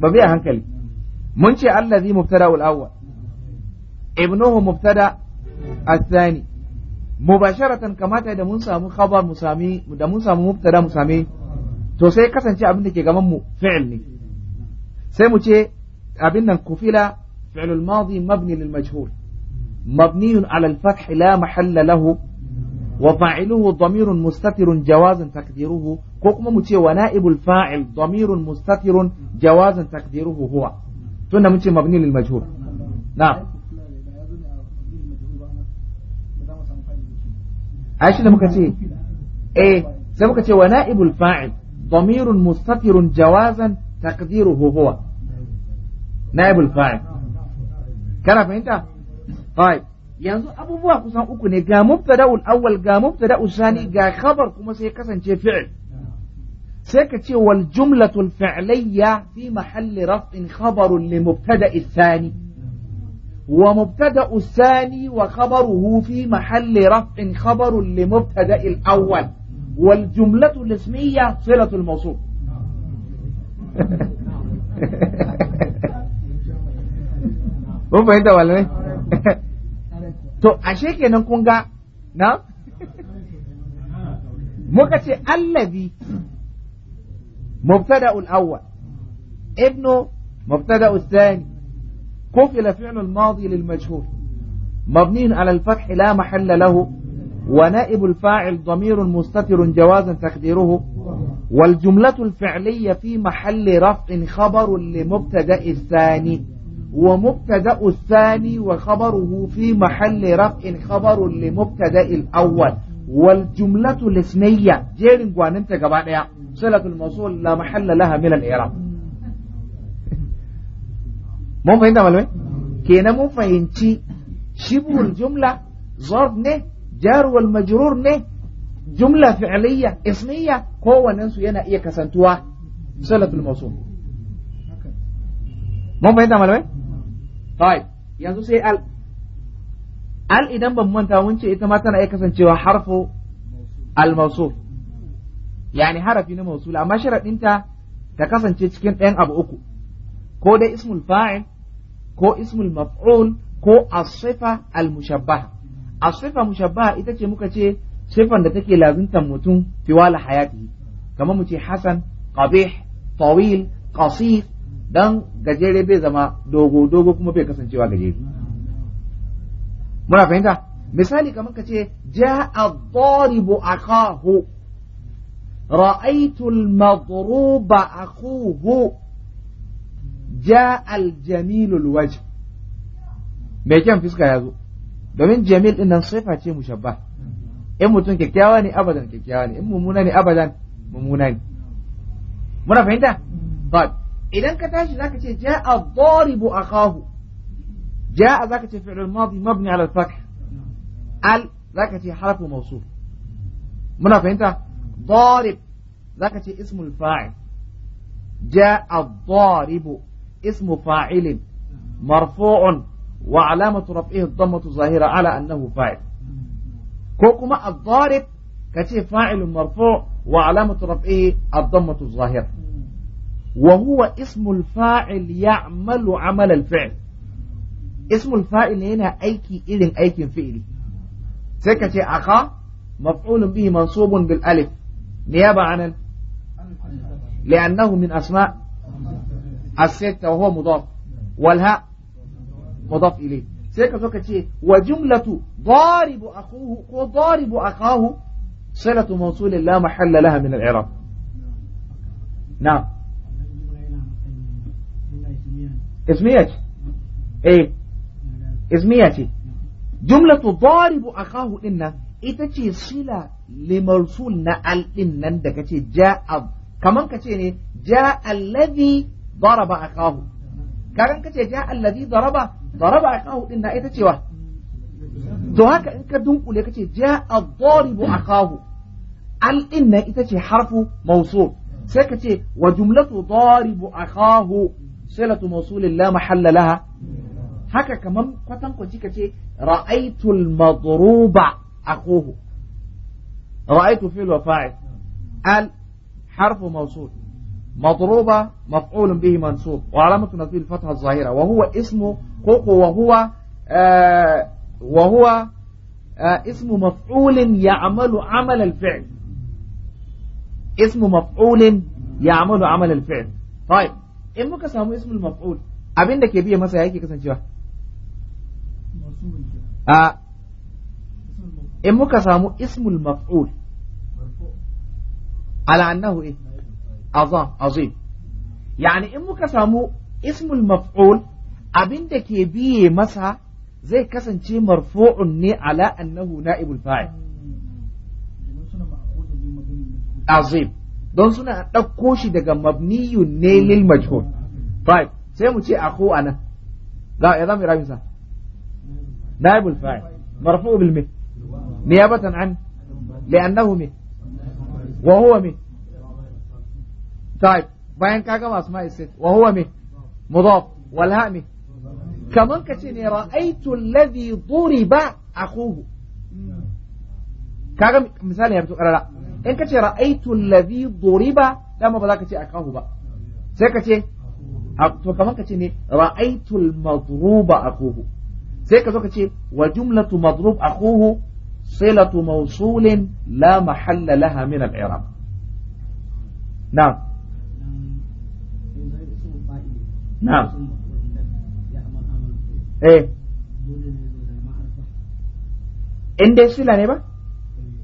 ببيع هنكلي منشي الذي مبتدا الأول ابنه مبتدا الثاني مباشرة كما تدا من سامو خبر مسامي دا من سامو مبتدا مسامي to sai kasance abin da ke gaban mu fi'il ne sai mu ce abin nan kufila fi'lul madi mabni lil majhul مبني على الفتح لا محل له وفاعله ضمير مستتر جوازا تقديره كوكما متي ونائب الفاعل ضمير مستتر جوازا تقديره هو تنا متي مبني للمجهول نعم a shi da muka ce eh sai muka ce wa na'ibul fa'il damirun mustatirun jawazan taqdiruhu huwa na'ibul fa'il kana fahimta طيب yanzu abubuwa kusan uku ne ga mubtada'ul awwal ga mubtada'ul sani ga khabar kuma sai kasance fi'il sai ka ce wal jumlatul fi'liyya fi mahalli raf'in khabarun li mubtada'i thani ومبتدا الثاني وخبره في محل رفع خبر لمبتدا الاول والجمله الاسميه صله الموصول هو فهمت ولا ايه تو اشيك كده نكون غا نعم مكتي الذي مبتدا الاول ابنه مبتدا الثاني كفل فعل الماضي للمجهول مبني على الفتح لا محل له ونائب الفاعل ضمير مستتر جوازا تقديره والجملة الفعلية في محل رفع خبر لمبتدأ الثاني ومبتدأ الثاني وخبره في محل رفع خبر لمبتدأ الأول والجملة الاسمية جيرن جوانمت جبعنا صلة الموصول لا محل لها من الإعراب mun fahimta malamai kenan mun fahimci shibul jumla zarf ne jar wal majrur ne jumla fi'liya ismiya kowannen su yana iya kasantuwa salatul mawsul mun fahimta malamai طيب yanzu sai al al idan ban manta mun ce ita ma tana iya kasancewa harfu al mawsuf yani harafi na mawsul amma sharadin ta ta kasance cikin ɗayan abu uku ko dai ismul fa'il ko ismul maf'ul ko as-sifa al-mushabbaha as-sifa mushabbaha ita ce muka ce sifan da take lazimtan mutum fiwala wala hayati kamar mu ce hasan qabih tawil qasid dan gajere bai zama dogo dogo kuma bai kasancewa gajere muna fahimta misali kamar ka ce ja'a ad-daribu akahu ra'aytu al-madruba akuhu ja aljamilul wajh mai kyan fuska ya zo domin jamil din nan sifa ce mushabba in mutum kyakkyawa ne abadan kyakkyawa ne in mummuna ne abadan mummuna ne muna fahimta but idan ka tashi zaka ce ja'a dharibu akahu ja'a zaka ce fi'l madi mabni ala al-fath al zaka ce harfu mawsuf muna fahimta dharib zaka ce ismul fa'il ja'a dharibu اسم فاعل مرفوع وعلامة رفعه الضمة ظاهرة على أنه فاعل كوكما الضارب كتير فاعل مرفوع وعلامة رفعه الضمة الظاهرة وهو اسم الفاعل يعمل عمل الفعل اسم الفاعل هنا أيكي إذن أيكي فعلي سكتي أخا مفعول به منصوب بالألف نيابة عن لأنه من أسماء على الستة وهو مضاف والهاء مضاف إليه سيكا سوكا تشيه وجملة ضارب أخوه وضارب أخاه صلة موصول لا محل لها من العراق نعم اسميتي ايه اسميتي جملة ضارب أخاه إن إتتي صلة لمرسول الإنن إن عندك جاء كمان كتير جاء الذي daraba aqahu kagan kace ja allazi daraba daraba aqahu din na ita cewa to haka in ka dunkule kace ja ad aqahu al din na ita ce harfu mawsul sai kace wa jumlatu daribu aqahu silatu mawsulin la mahalla laha haka kaman kwatan kwaci kace ra'aytu al-madruba aquhu ra'aytu fi'l al harfu mawsul مضروبة مفعول به منصوب وعلامة نصبه الفتحة الظاهرة وهو اسمه كوكو وهو آه وهو آه اسم مفعول يعمل عمل الفعل اسم مفعول يعمل عمل الفعل طيب in كسامو اسم المفعول maf'ul abin da ke biye masa yake kasancewa a in muka samu ismul azam azim yani in muka samu ismul maf'ul abin da ke biye masa zai kasance marfu'un ne ala annahu na'ibul fa'il azim don suna ɗauko shi daga mabniyun ne lil majhul fa'il sai mu ce akhu ana ga ya zama rabin sa naibul fa'il marfu bil min niyabatan an li'annahu min wa huwa min طيب bayan ka gama asma isit wa huwa me mudaf wal ha me kaman ka ce ne ra'aytu alladhi duriba akhuhu kaga misali ya fito karara in ka ce ra'aytu alladhi duriba dama ba za ka ce akahu ba sai ka ce to kaman ka ce sai ka ka ce wa jumlatu madrub akhuhu صلة موصول لا محل لها من الإعراب نعم na'am eh sila ne ba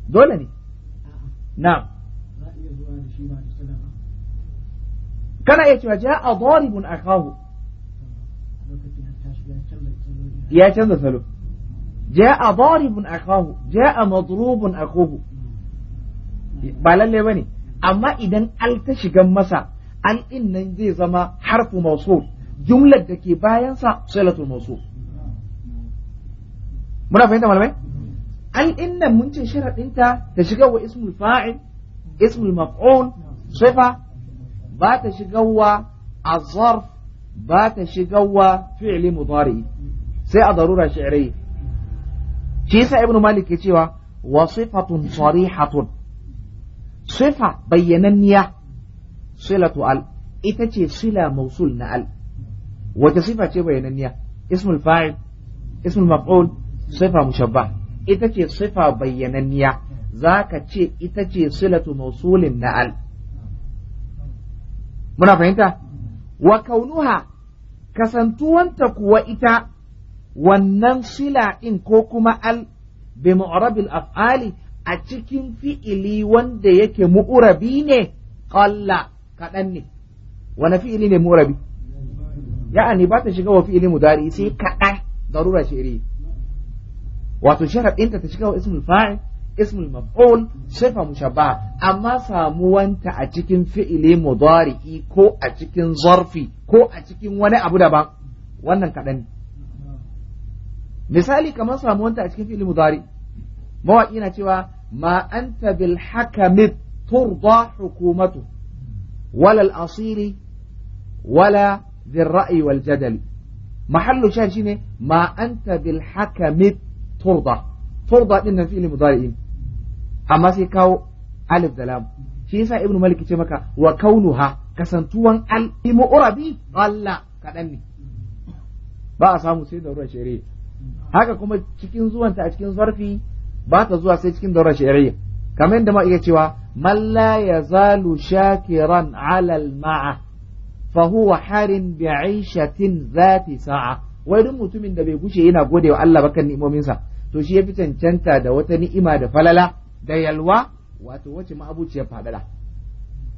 dole ne na'am kana iya cewa ja'a daribun akahu ya canza salo ja'a daribun akahu ja'a madrubun akuhu ba lalle bane amma idan al ta shiga masa an din zai zama harfu mawsul jumlar da ke bayansa silatul mawsul muna fahimta malamai ai inna mun ce sharadinta ta shiga wa ismul fa'il ismul maf'ul sifa ba ta shiga wa azarf ba ta shiga wa fi'li mudari sai a darura shi'ri shi yasa ibnu malik ke cewa wa sifatun sarihatun sifa bayyananniya silatu al ita ce sila mausul na al wata sifa ce bayananniya ismul fa'il ismul maf'ul sifa mushabba ita ce sifa zaka ce ita ce silatu mausulin na al muna fahimta wa kaunuha kasantuwanta kuwa ita wannan sila ɗin ko kuma al bi mu'rabil af'ali a cikin fi'ili wanda yake mu'urabi ne qalla kaɗan ne wani fi'ili ne murabi ya'ani ba ta shiga wa fi'ili mudari sai kaɗan darura shi'iri wato sharaɗinta ta shiga wa ismul fa'il ismul maf'ul sifa mushabba amma samuwanta a cikin fi'ili mudari'i ko a cikin zarfi ko a cikin wani abu daban wannan kaɗan misali kamar samuwanta a cikin fi'ili mudari mawaƙi na cewa ma anta bil hakami turda hukumatu walal asiri wala ذي الرأي والجدل محل شاهد شنو ما أنت بالحكم ترضى ترضى إن فعل مضارع أما سيكاو ألف دلام شيسا ابن مالك تمكا وكونها كسنتوان المؤربي قال كدني ba a samu sai daurar shari'a haka kuma cikin zuwanta a cikin zarfi ba ta zuwa sai cikin daurar shari'a kamar yadda ma iya cewa man la yazalu shakiran alal ma'a fa huwa harin bi zati sa'a wai duk mutumin da bai gushe yana gode wa Allah bakan ni'imominsa to shi ya cancanta da wata ni'ima da falala da yalwa wato wace ma'abuciyar fadada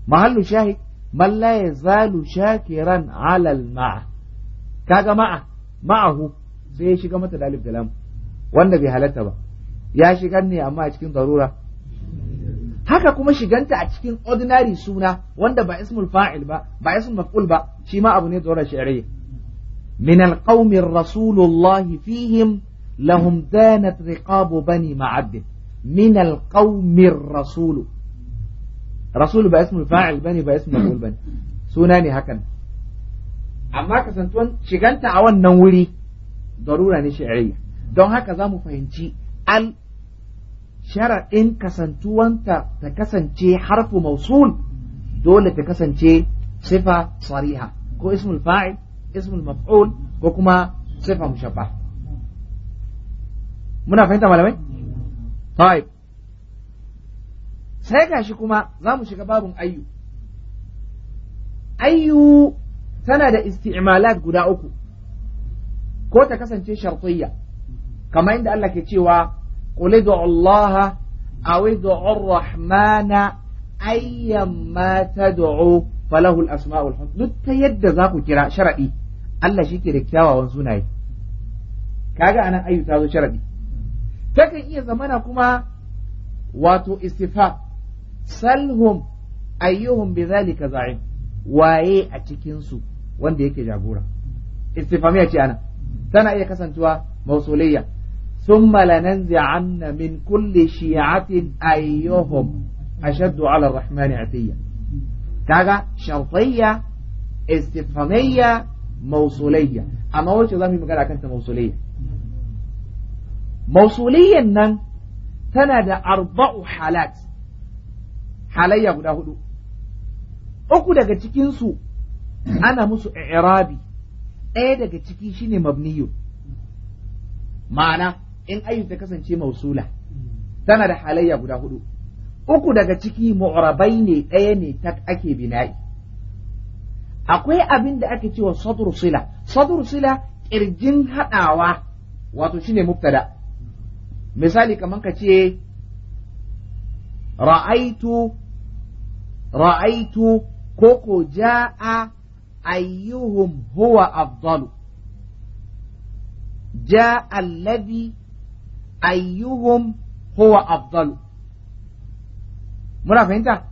mahallu shahid man la yazalu shakiran ala al ma'a kaga ma'a ma'ahu sai ya shiga mata dalib da lam wanda bai halatta ba ya shigar ne amma a cikin darura haka kuma shiganta a cikin ordinary suna wanda ba ismul fa'il ba ba ismul maf'ul ba shi ma abu ne tsoron shari'a min alqawmi rasulullah fihim lahum danat riqabu bani ma'ad min alqawmi rasul rasul ba ismul fa'il bani ba ismul maf'ul bani suna ne hakan amma kasantuwan shiganta a wannan wuri darura ne shari'a don haka zamu fahimci al sharaɗin kasantuwanta ta kasance harfu mausul dole ta kasance sifa sariha ko ismul fa'il ismul maf'ul ko kuma sifa mushabba muna fahimta malamai طيب sai gashi kuma za mu shiga babun ayyu ayyu tana da isti'malat guda uku ko ta kasance shartiyya kamar inda Allah ke cewa قل ادعوا الله أو ادعوا الرحمن أيما تدعو فله duk ta yadda za ku kira sharaɗi Allah shi ke da kyawawan sunaye kaga anan ayyu ta zo sharaɗi takan iya zamana kuma wato istifa salhum ayyuhum bi waye a cikinsu wanda yake jagora istifamiya ce ana tana iya kasancewa mausuliyya ثم لننزعن من كل شيعة أيهم أشد على الرحمن عتيا كاغا شرطية استفهامية موصولية أنا قلت زامي مقالة كانت موصولية موصولية نن تنادى أربع حالات حالية قد أهدو أكو دا تكينسو أنا مسو إعرابي أي daga ciki shine mabniyu in ayin ta kasance mausula tana da halayya guda hudu uku daga ciki mu'rabai ne ɗaya ne ta ake bina'i akwai abin da ake cewa Sadur sila Sadur sila ƙirjin hadawa wato shine mubtada misali kamar ka ce ra'aitu ra'aitu koko ja'a ayyuhum huwa afdalu ja'a alladhi ayyuhum huwa afdalu muna fahimta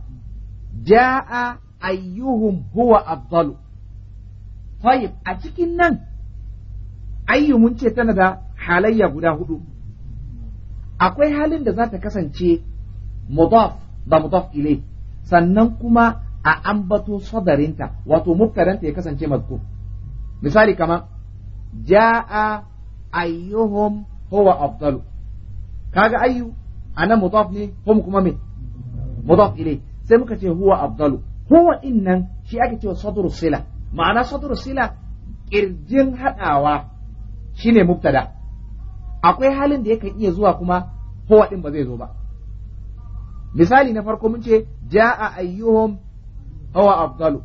ja'a ayyuhum huwa afdalu tayyib a cikin nan ayyu mun ce tana da halayya guda hudu akwai halin da za ta kasance mudaf da mudaf ilai sannan kuma a ambato sadarinta wato mubtadanta ya kasance mazkur misali kama ja'a ayyuhum huwa afdalu kaga ayyu ana mudaf ne ko kuma me mudaf ilai sai muka ce huwa afdalu huwa innan shi ake cewa sadru sila ma'ana sadru sila kirjin hadawa shine mubtada akwai halin da yakan iya zuwa kuma huwa din ba zai zo ba misali na farko mun ce jaa ayyuhum huwa afdalu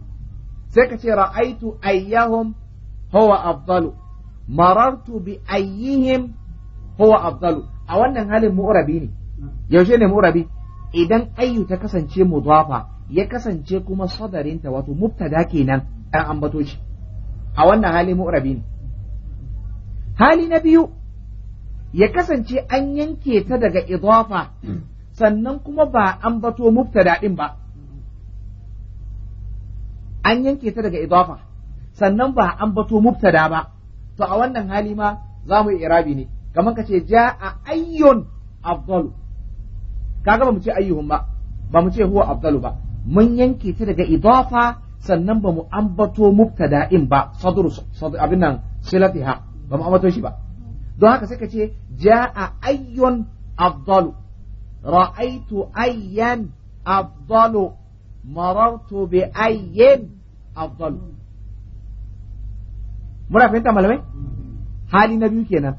sai ka ce ra'aitu ayyahum huwa afdalu marartu bi ayyihim huwa afdalu a wannan halin mu'rabi ne yaushe ne mu'rabi idan ayyu ta kasance mudafa ya kasance kuma sadarinta wato mubtada kenan dan ambato shi a wannan halin mu'rabi ne hali na biyu ya kasance an yanke ta daga idafa sannan kuma ba ambato mubtada din ba an yanke ta daga idafa sannan ba ambato mubtada ba to a wannan hali ma za mu irabi ne kamar ka ce ja a ayyun afdalu kaga ba mu ce ayyuhum ba ba mu ce huwa afdalu ba mun yanke ta daga idafa sannan ba mu ambato mubtada'in ba sadru abin nan silatiha ba mu ambato shi ba don haka sai ka ce ja a ayyun afdalu ra'aitu ayyan afdalu marartu bi ayyin afdalu muna fahimta malamai hali na biyu kenan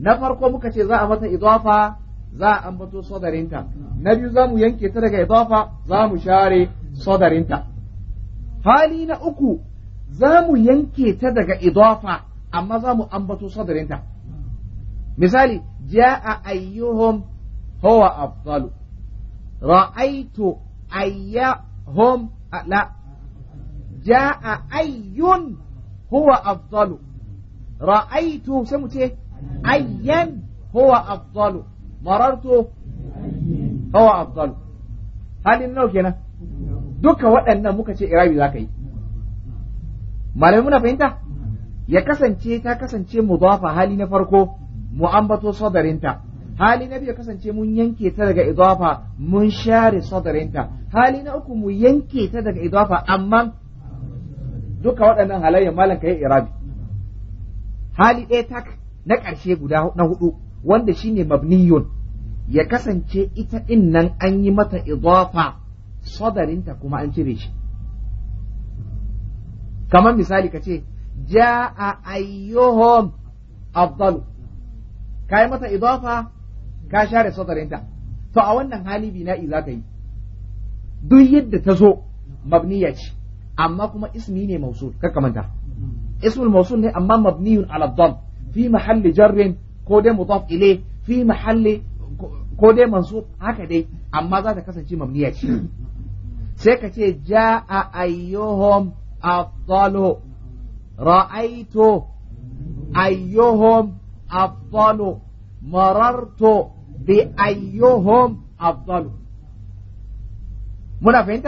na farko muka ce za a mata idafa za a ambato sadarinta na biyu za mu yanke ta daga idafa za mu share sadarinta hali na uku za mu yanke ta daga idafa amma za mu ambato sadarinta misali ja'a ayyuhum huwa afdalu ra'aitu la ayyun huwa afdalu ra'aitu sai mu ce أيا هو أفضل مررت هو أفضل هل إنه كنا duka waɗannan muka ce irabi za ka yi malamai muna fahimta ya kasance ta kasance mudafa hali na farko mu sadarinta hali na biyu kasance mun yanke ta daga idafa mun share sadarinta hali na uku mu yanke ta daga idafa amma duka waɗannan halayyar malam yi irabi hali ɗaya tak na ƙarshe guda na hudu wanda shine mabniyun ya kasance ita innan nan an yi mata idafa sadarinta kuma an cire shi kamar misali ka ce ja ja'a ayyuhum afdalu yi mata idafa ka share sadarinta to a wannan hali bina'i za ka yi duk yadda ta zo mabniya ce amma kuma ismi ne mausul kar ka manta ismul mausul ne amma mabniyun a dhal في محل جر كود مضاف إليه في محل كود منصوب هكذا أما ذاتك سنجي مبنية سيكتي جاء أيهم أفضل رأيت أيهم أفضل مررت بأيهم أفضل منا فهمت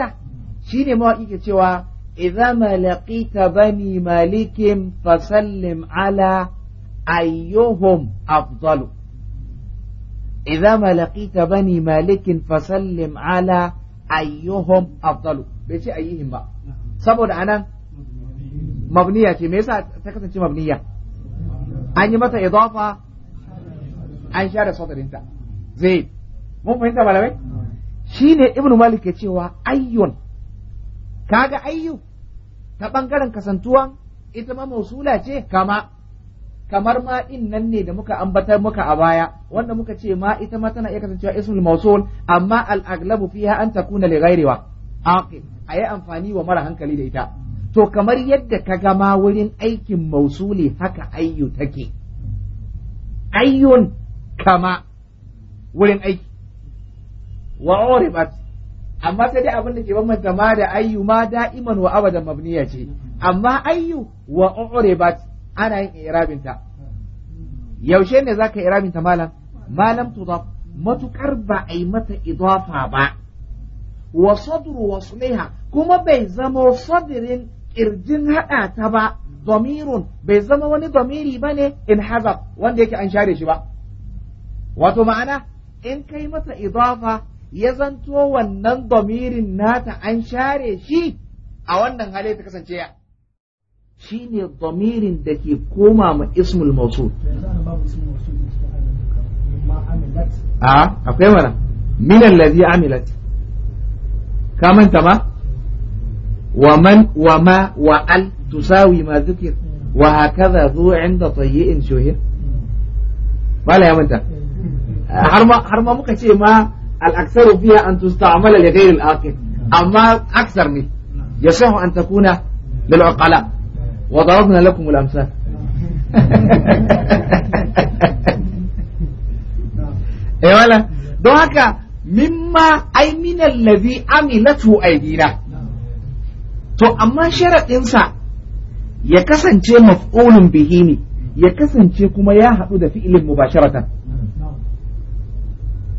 شيني ما إيكي تيوا إذا ما لقيت بني مالك فسلم على أيهم أفضل إذا ما لقيت بني مالك فسلم على أيهم أفضل بيش ce بقى سبب أنا مبنية ميسا تكتن مبنية أني متى إضافة an share sadarinta zai mun fahimta malamai ne ibnu malik ya cewa ayyun kaga ayyu ta bangaren kasantuwan ita ma ce kama kamar ma din nan ne da muka ambatar muka a baya wanda muka ce ma ita ma tana iya kasancewa ismul mawsul amma al aglabu fiha an takuna li ghairiha aqil ayi amfani wa mara hankali da ita to kamar yadda ka ga ma wurin aikin mausuli haka ayyu take ayyun kama wurin aiki wa uribat amma sai dai abin da ke bambanta ma da ayyu ma da'iman wa abadan mabniya ce amma ayyu wa uribat ana yin irabinta yaushe ne zaka irabinta malam malam tudaf matukar ba a yi mata idafa ba wa sadru wa wasliha kuma bai zama sadirin kirjin hada ta ba Damirun bai zama wani damiri ba ne in hazab wanda yake an share shi ba wato ma'ana in kai mata idafa ya zanto wannan damirin nata an share shi a wannan hali ta kasance shine damirin da ke koma ma ismul mausul a akwai mana min allazi amilat ka manta ma wa man wa ma wa al tusawi ma zikir wa hakaza zu inda tayyi'in shuhir bala ya manta har ma har ma muka ce ma al aktsaru fiha an tusta'mala li ghayri al aqil amma aksar ne yasahu an takuna lil uqala وضربنا لكم الأمثال eh wala don haka mimma ai minal ladhi amilatu aidina to amma sharaɗinsa ya kasance maf'ulun bihi ne ya kasance kuma ya haɗu da fi'ilin mubasharatan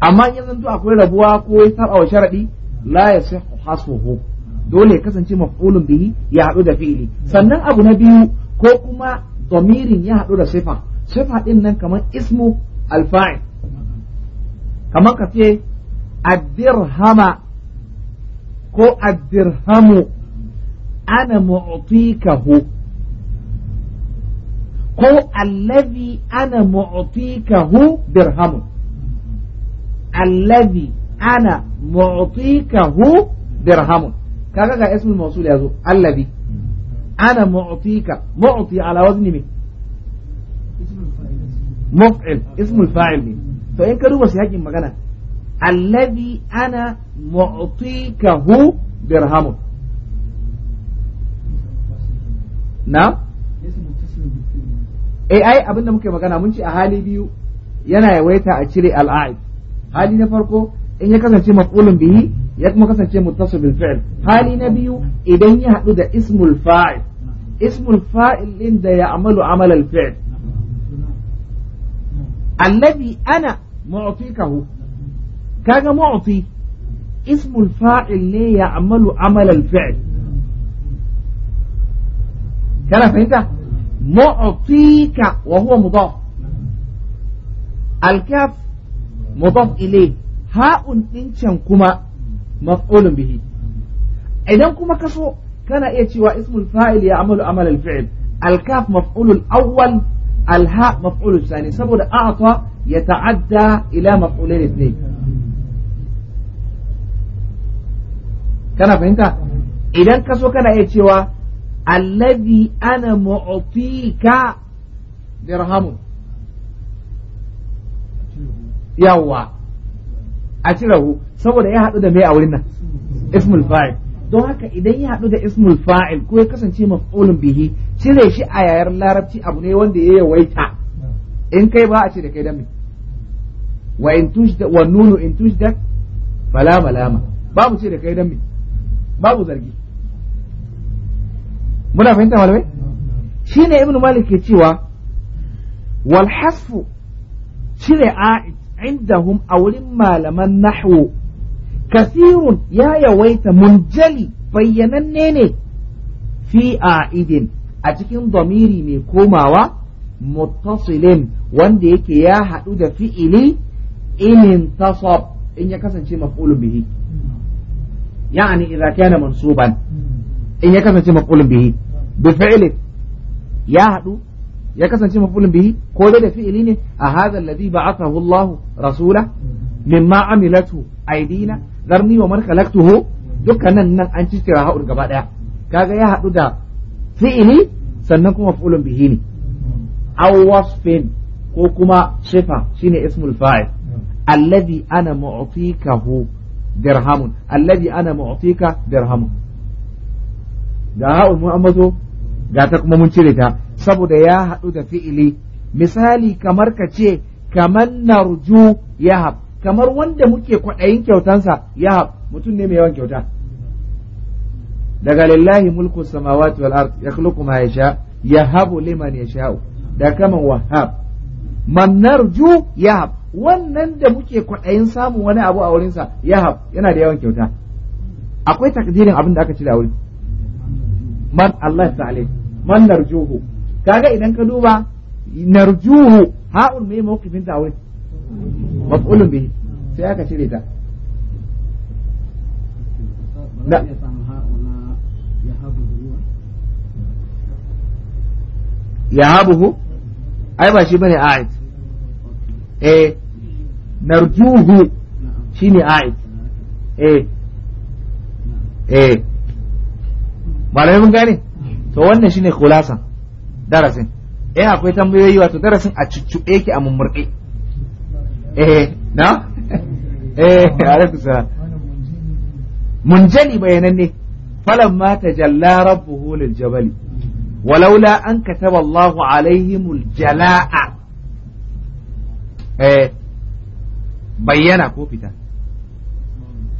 amma yanzu akwai rabuwa ko ya saba wa sharaɗi la yasihhu hasbuhu dole ya kasance maf'ulun bihi ya haɗu da fi'ili sannan abu na biyu ko kuma domirin ya haɗu da sifa sifa ɗin nan kamar ismu alfa'il kamar ka ce addirhama ko addirhamu ana mu'tikahu ko allazi ana mu'tikahu dirhamu allazi ana mu'tikahu dirhamun kaga ga ismul mawsul yazo allabi ana mu'tika mu'ti ala wazni me mu'til ismul fa'il ne to in ka duba shi hakin magana allabi ana hu dirham na eh, ai abinda muke magana mun ci a hali biyu yana yawaita a cire al'aib hali na farko in ya kasance maf'ulun bihi ya kuma kasance muttasil bil fi'l hali na biyu idan ya hadu da ismul fa'il ismul fa'il din da ya amalu amal al fi'l alladhi ana mu'tikahu kaga mu'ti ismul fa'il ne ya amalu amal al fi'l kana fahimta mu'tika wa huwa mudaf al-kaf mudaf ilayh ha'un din can kuma maf'ulun bihi idan kuma kaso kana iya cewa ismul fa'il ya amalu amal al fi'l al kaf maf'ulul awwal al ha ya thani saboda a'ta yata'adda ila maf'ulain ithnain kana fahimta idan kaso kana iya cewa alladhi ana mu'tika dirhamun yawa a cirahu saboda ya haɗu da mai a wurin nan ismul fa'il don haka idan ya haɗu da ismul fa'il ko ya kasance maf'ulun bihi cire shi a yayar larabci abu ne wanda ya yawaita in kai ba a ce da kai dami wa in tushda wa nunu in tushda fala malama babu ce da kai dami babu zargi muna fahimta malamai shine ibnu malik ke cewa wal hasfu cire a عندهم أو لما لما نحو كثير يا يويت منجلي بيننني في عائد أتكين ضميري ميكوما متصل wanda yake ya haɗu da fi'ili in tasab in ya kasance maf'ulun bihi in ya kasance maf'ulun bihi bi fi'li ya haɗu ya kasance mafulun bihi ko dai da fi'ili ne a hadha alladhi ba'athahu Allah rasula mimma amilatu aidina zarni wa man dukkanan nan an ci tira haur gaba daya kaga ya hadu da fi'ili sannan kuma mafulun bihi ne aw wasfin ko kuma sifa shine ismul fa'il alladhi ana mu'tikahu dirhamun alladhi ana mu'tika dirhamun da ha'ul ga ta kuma mun cire ta saboda ya haɗu da fi'ili misali kamar ka ce kamar narju haɓ, kamar wanda muke kwaɗayin kyautansa ya haɓ, mutum ne mai yawan kyauta daga lillahi mulku samawati wal ard yakhluqu ma yasha yahabu liman yasha'u da kaman wahab man narju yahab wannan da muke kwaɗayin samun wani abu a wurinsa yahab yana da yawan kyauta akwai takdirin abin da aka ci da wurin man Allah ta'ala man narjuhu kaga idan ka duba narjuhu ha'un mai mawqifin tawil maf'ulun bihi sai aka cire ta da ya habuhu ai ba shi bane a'id eh narjuhu shine a'id eh eh malamai mun gane to wannan shine khulasan darasin eh akwai tambayoyi wato darasin a cuccuɗe yake a mummurɗe eh na eh alaikum salam munjali bayananne falamma tajalla rabbuhu lil jabali walaula an kataba Allahu alaihimul jala'a eh bayyana ko fita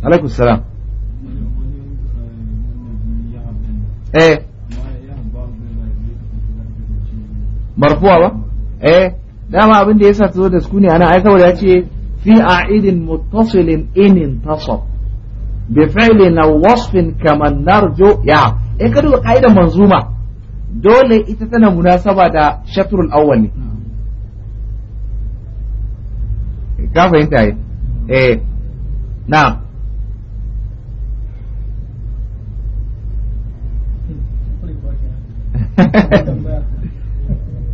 alaikum salam eh marfuwa ba eh dama abin da yasa tazo da sukuni ana ai saboda yace fi a'idin muttasilin in intasab bi fi'li na wasfin kaman narju ya eh ka duba manzuma dole ita tana munasaba da shatrul awwal ne ka fahimta yi eh na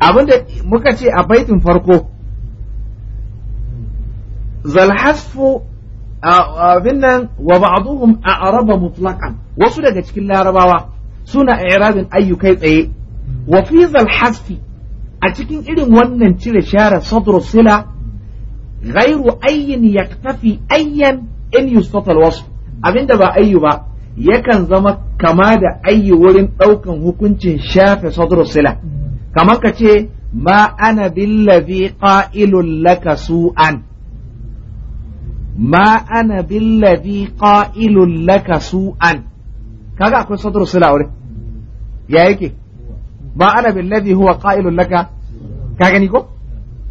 abinda muka ce a baitin farko zalhasfu abin nan wa ba'duhum a'raba mutlaqan wasu daga cikin larabawa suna i'rabin ayyukai tsaye wa fi zalhasfi a cikin irin wannan cire share sadru sila ghairu ayyin yaktafi ayyan in yustatal wasf abinda ba ayyu ba yakan zama kama da ayyu wurin ɗaukan hukuncin shafe sadru sila kamar ka ce ma ana billazi qa'ilun laka su'an ma ana billazi qa'ilun laka su'an kaga akwai sadru sila wurin ya yake ma ana billazi huwa qa'ilun laka ka gani ko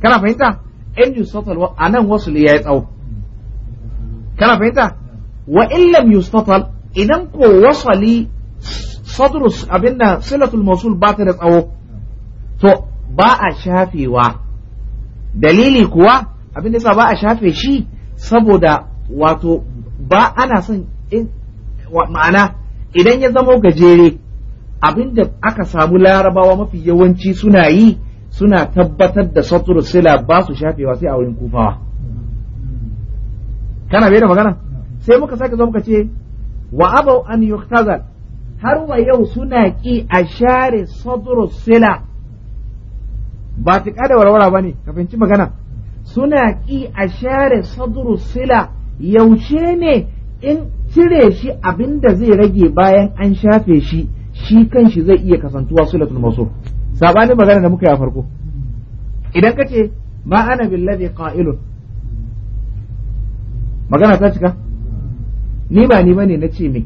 kana fahimta in yustatal nan wasu ne yi tsawo kana fahimta wa in lam yustatal idan ko wasali sadru abinda silatul mawsul ba ta da tsawo to ba a shafewa dalili kuwa abin da ba a shafe shi saboda wato ba ana son in ma'ana idan ya zamo gajere abin da aka samu larabawa mafi yawanci suna yi suna tabbatar da satur sila ba su shafewa sai a wurin kufawa kana bai da magana sai muka sake zo muka ce wa abau an yuktazal har wa yau suna ki a share sadur sila ba tiƙa da warwara ba ne ka fahimci magana suna ƙi a share sadru sila yaushe ne in cire shi abinda zai rage bayan an shafe shi shi kanshi zai iya kasantuwa sulatul maso sabanin magana da muka yi a farko idan ka ce ma ana billazi qa'ilun magana ta cika ni ba ni bane na ce me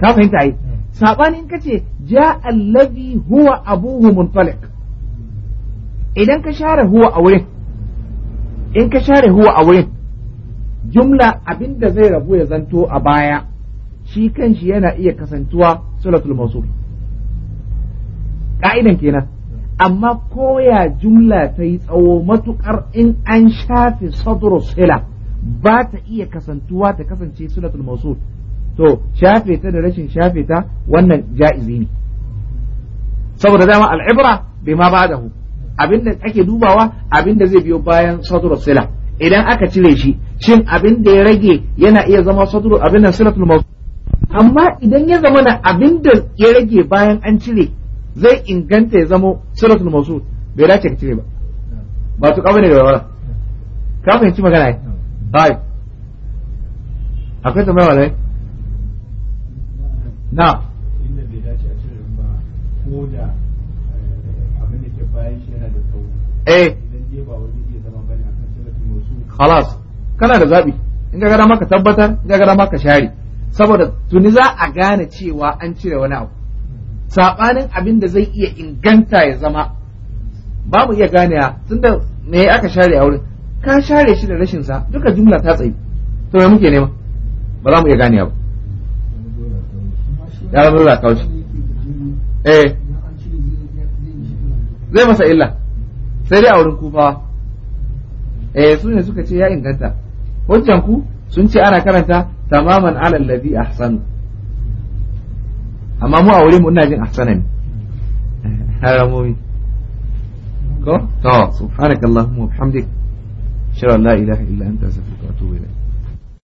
ka fahimta ai sabanin kace ja allazi huwa abuhu muntaliq idan ka share huwa a wurin in ka share huwa a wurin jumla abinda zai rabu ya zanto a baya shi kanshi yana iya kasantuwa sulatul mausul ka'idan kenan amma koya jumla ta yi tsawo matukar in an shafe sadrus sila ba ta iya kasantuwa ta kasance sulatul masul to shafe ta da rashin shafe ta wannan ja'izi ne saboda dama al'ibra bai ma ba Abin da ake dubawa abin da zai biyo bayan sadur sila idan aka cire shi shin abin da ya rage yana iya zama sadur abin da silatul mawdu amma idan ya zama na abin da ya rage bayan an cire zai inganta ya zama silatul mawdu bai dace ka cire ba ba to kawo ne da wala ka fahimci magana ai akwai tambaya wala na inda bai dace a cire ba ko da eh, abin da ke bayan shi yana da tsawo eh idan dai ba wani iya zama bane akan sirrin wasu khalas kana da zabi in ga dama ka tabbatar in ga dama ka share saboda tuni za a gane cewa an cire wani abu sabanin abin da zai iya inganta ya zama babu iya ganewa tunda me aka share a wurin ka share shi da rashin sa duka jumla ta tsaye to me muke nema ba za mu iya ganewa ba ya zama dole a kawo shi eh zai masa illa sai dai a wurin kufa eh su ne suka ce ya inganta hujjan ku sun ce ana karanta tamaman alal ladhi ahsan amma mu a wurin mu ina jin ahsana ne haramomi ko to subhanakallahumma wa bihamdik shara la ilaha illa anta astaghfiruka wa atubu ilayk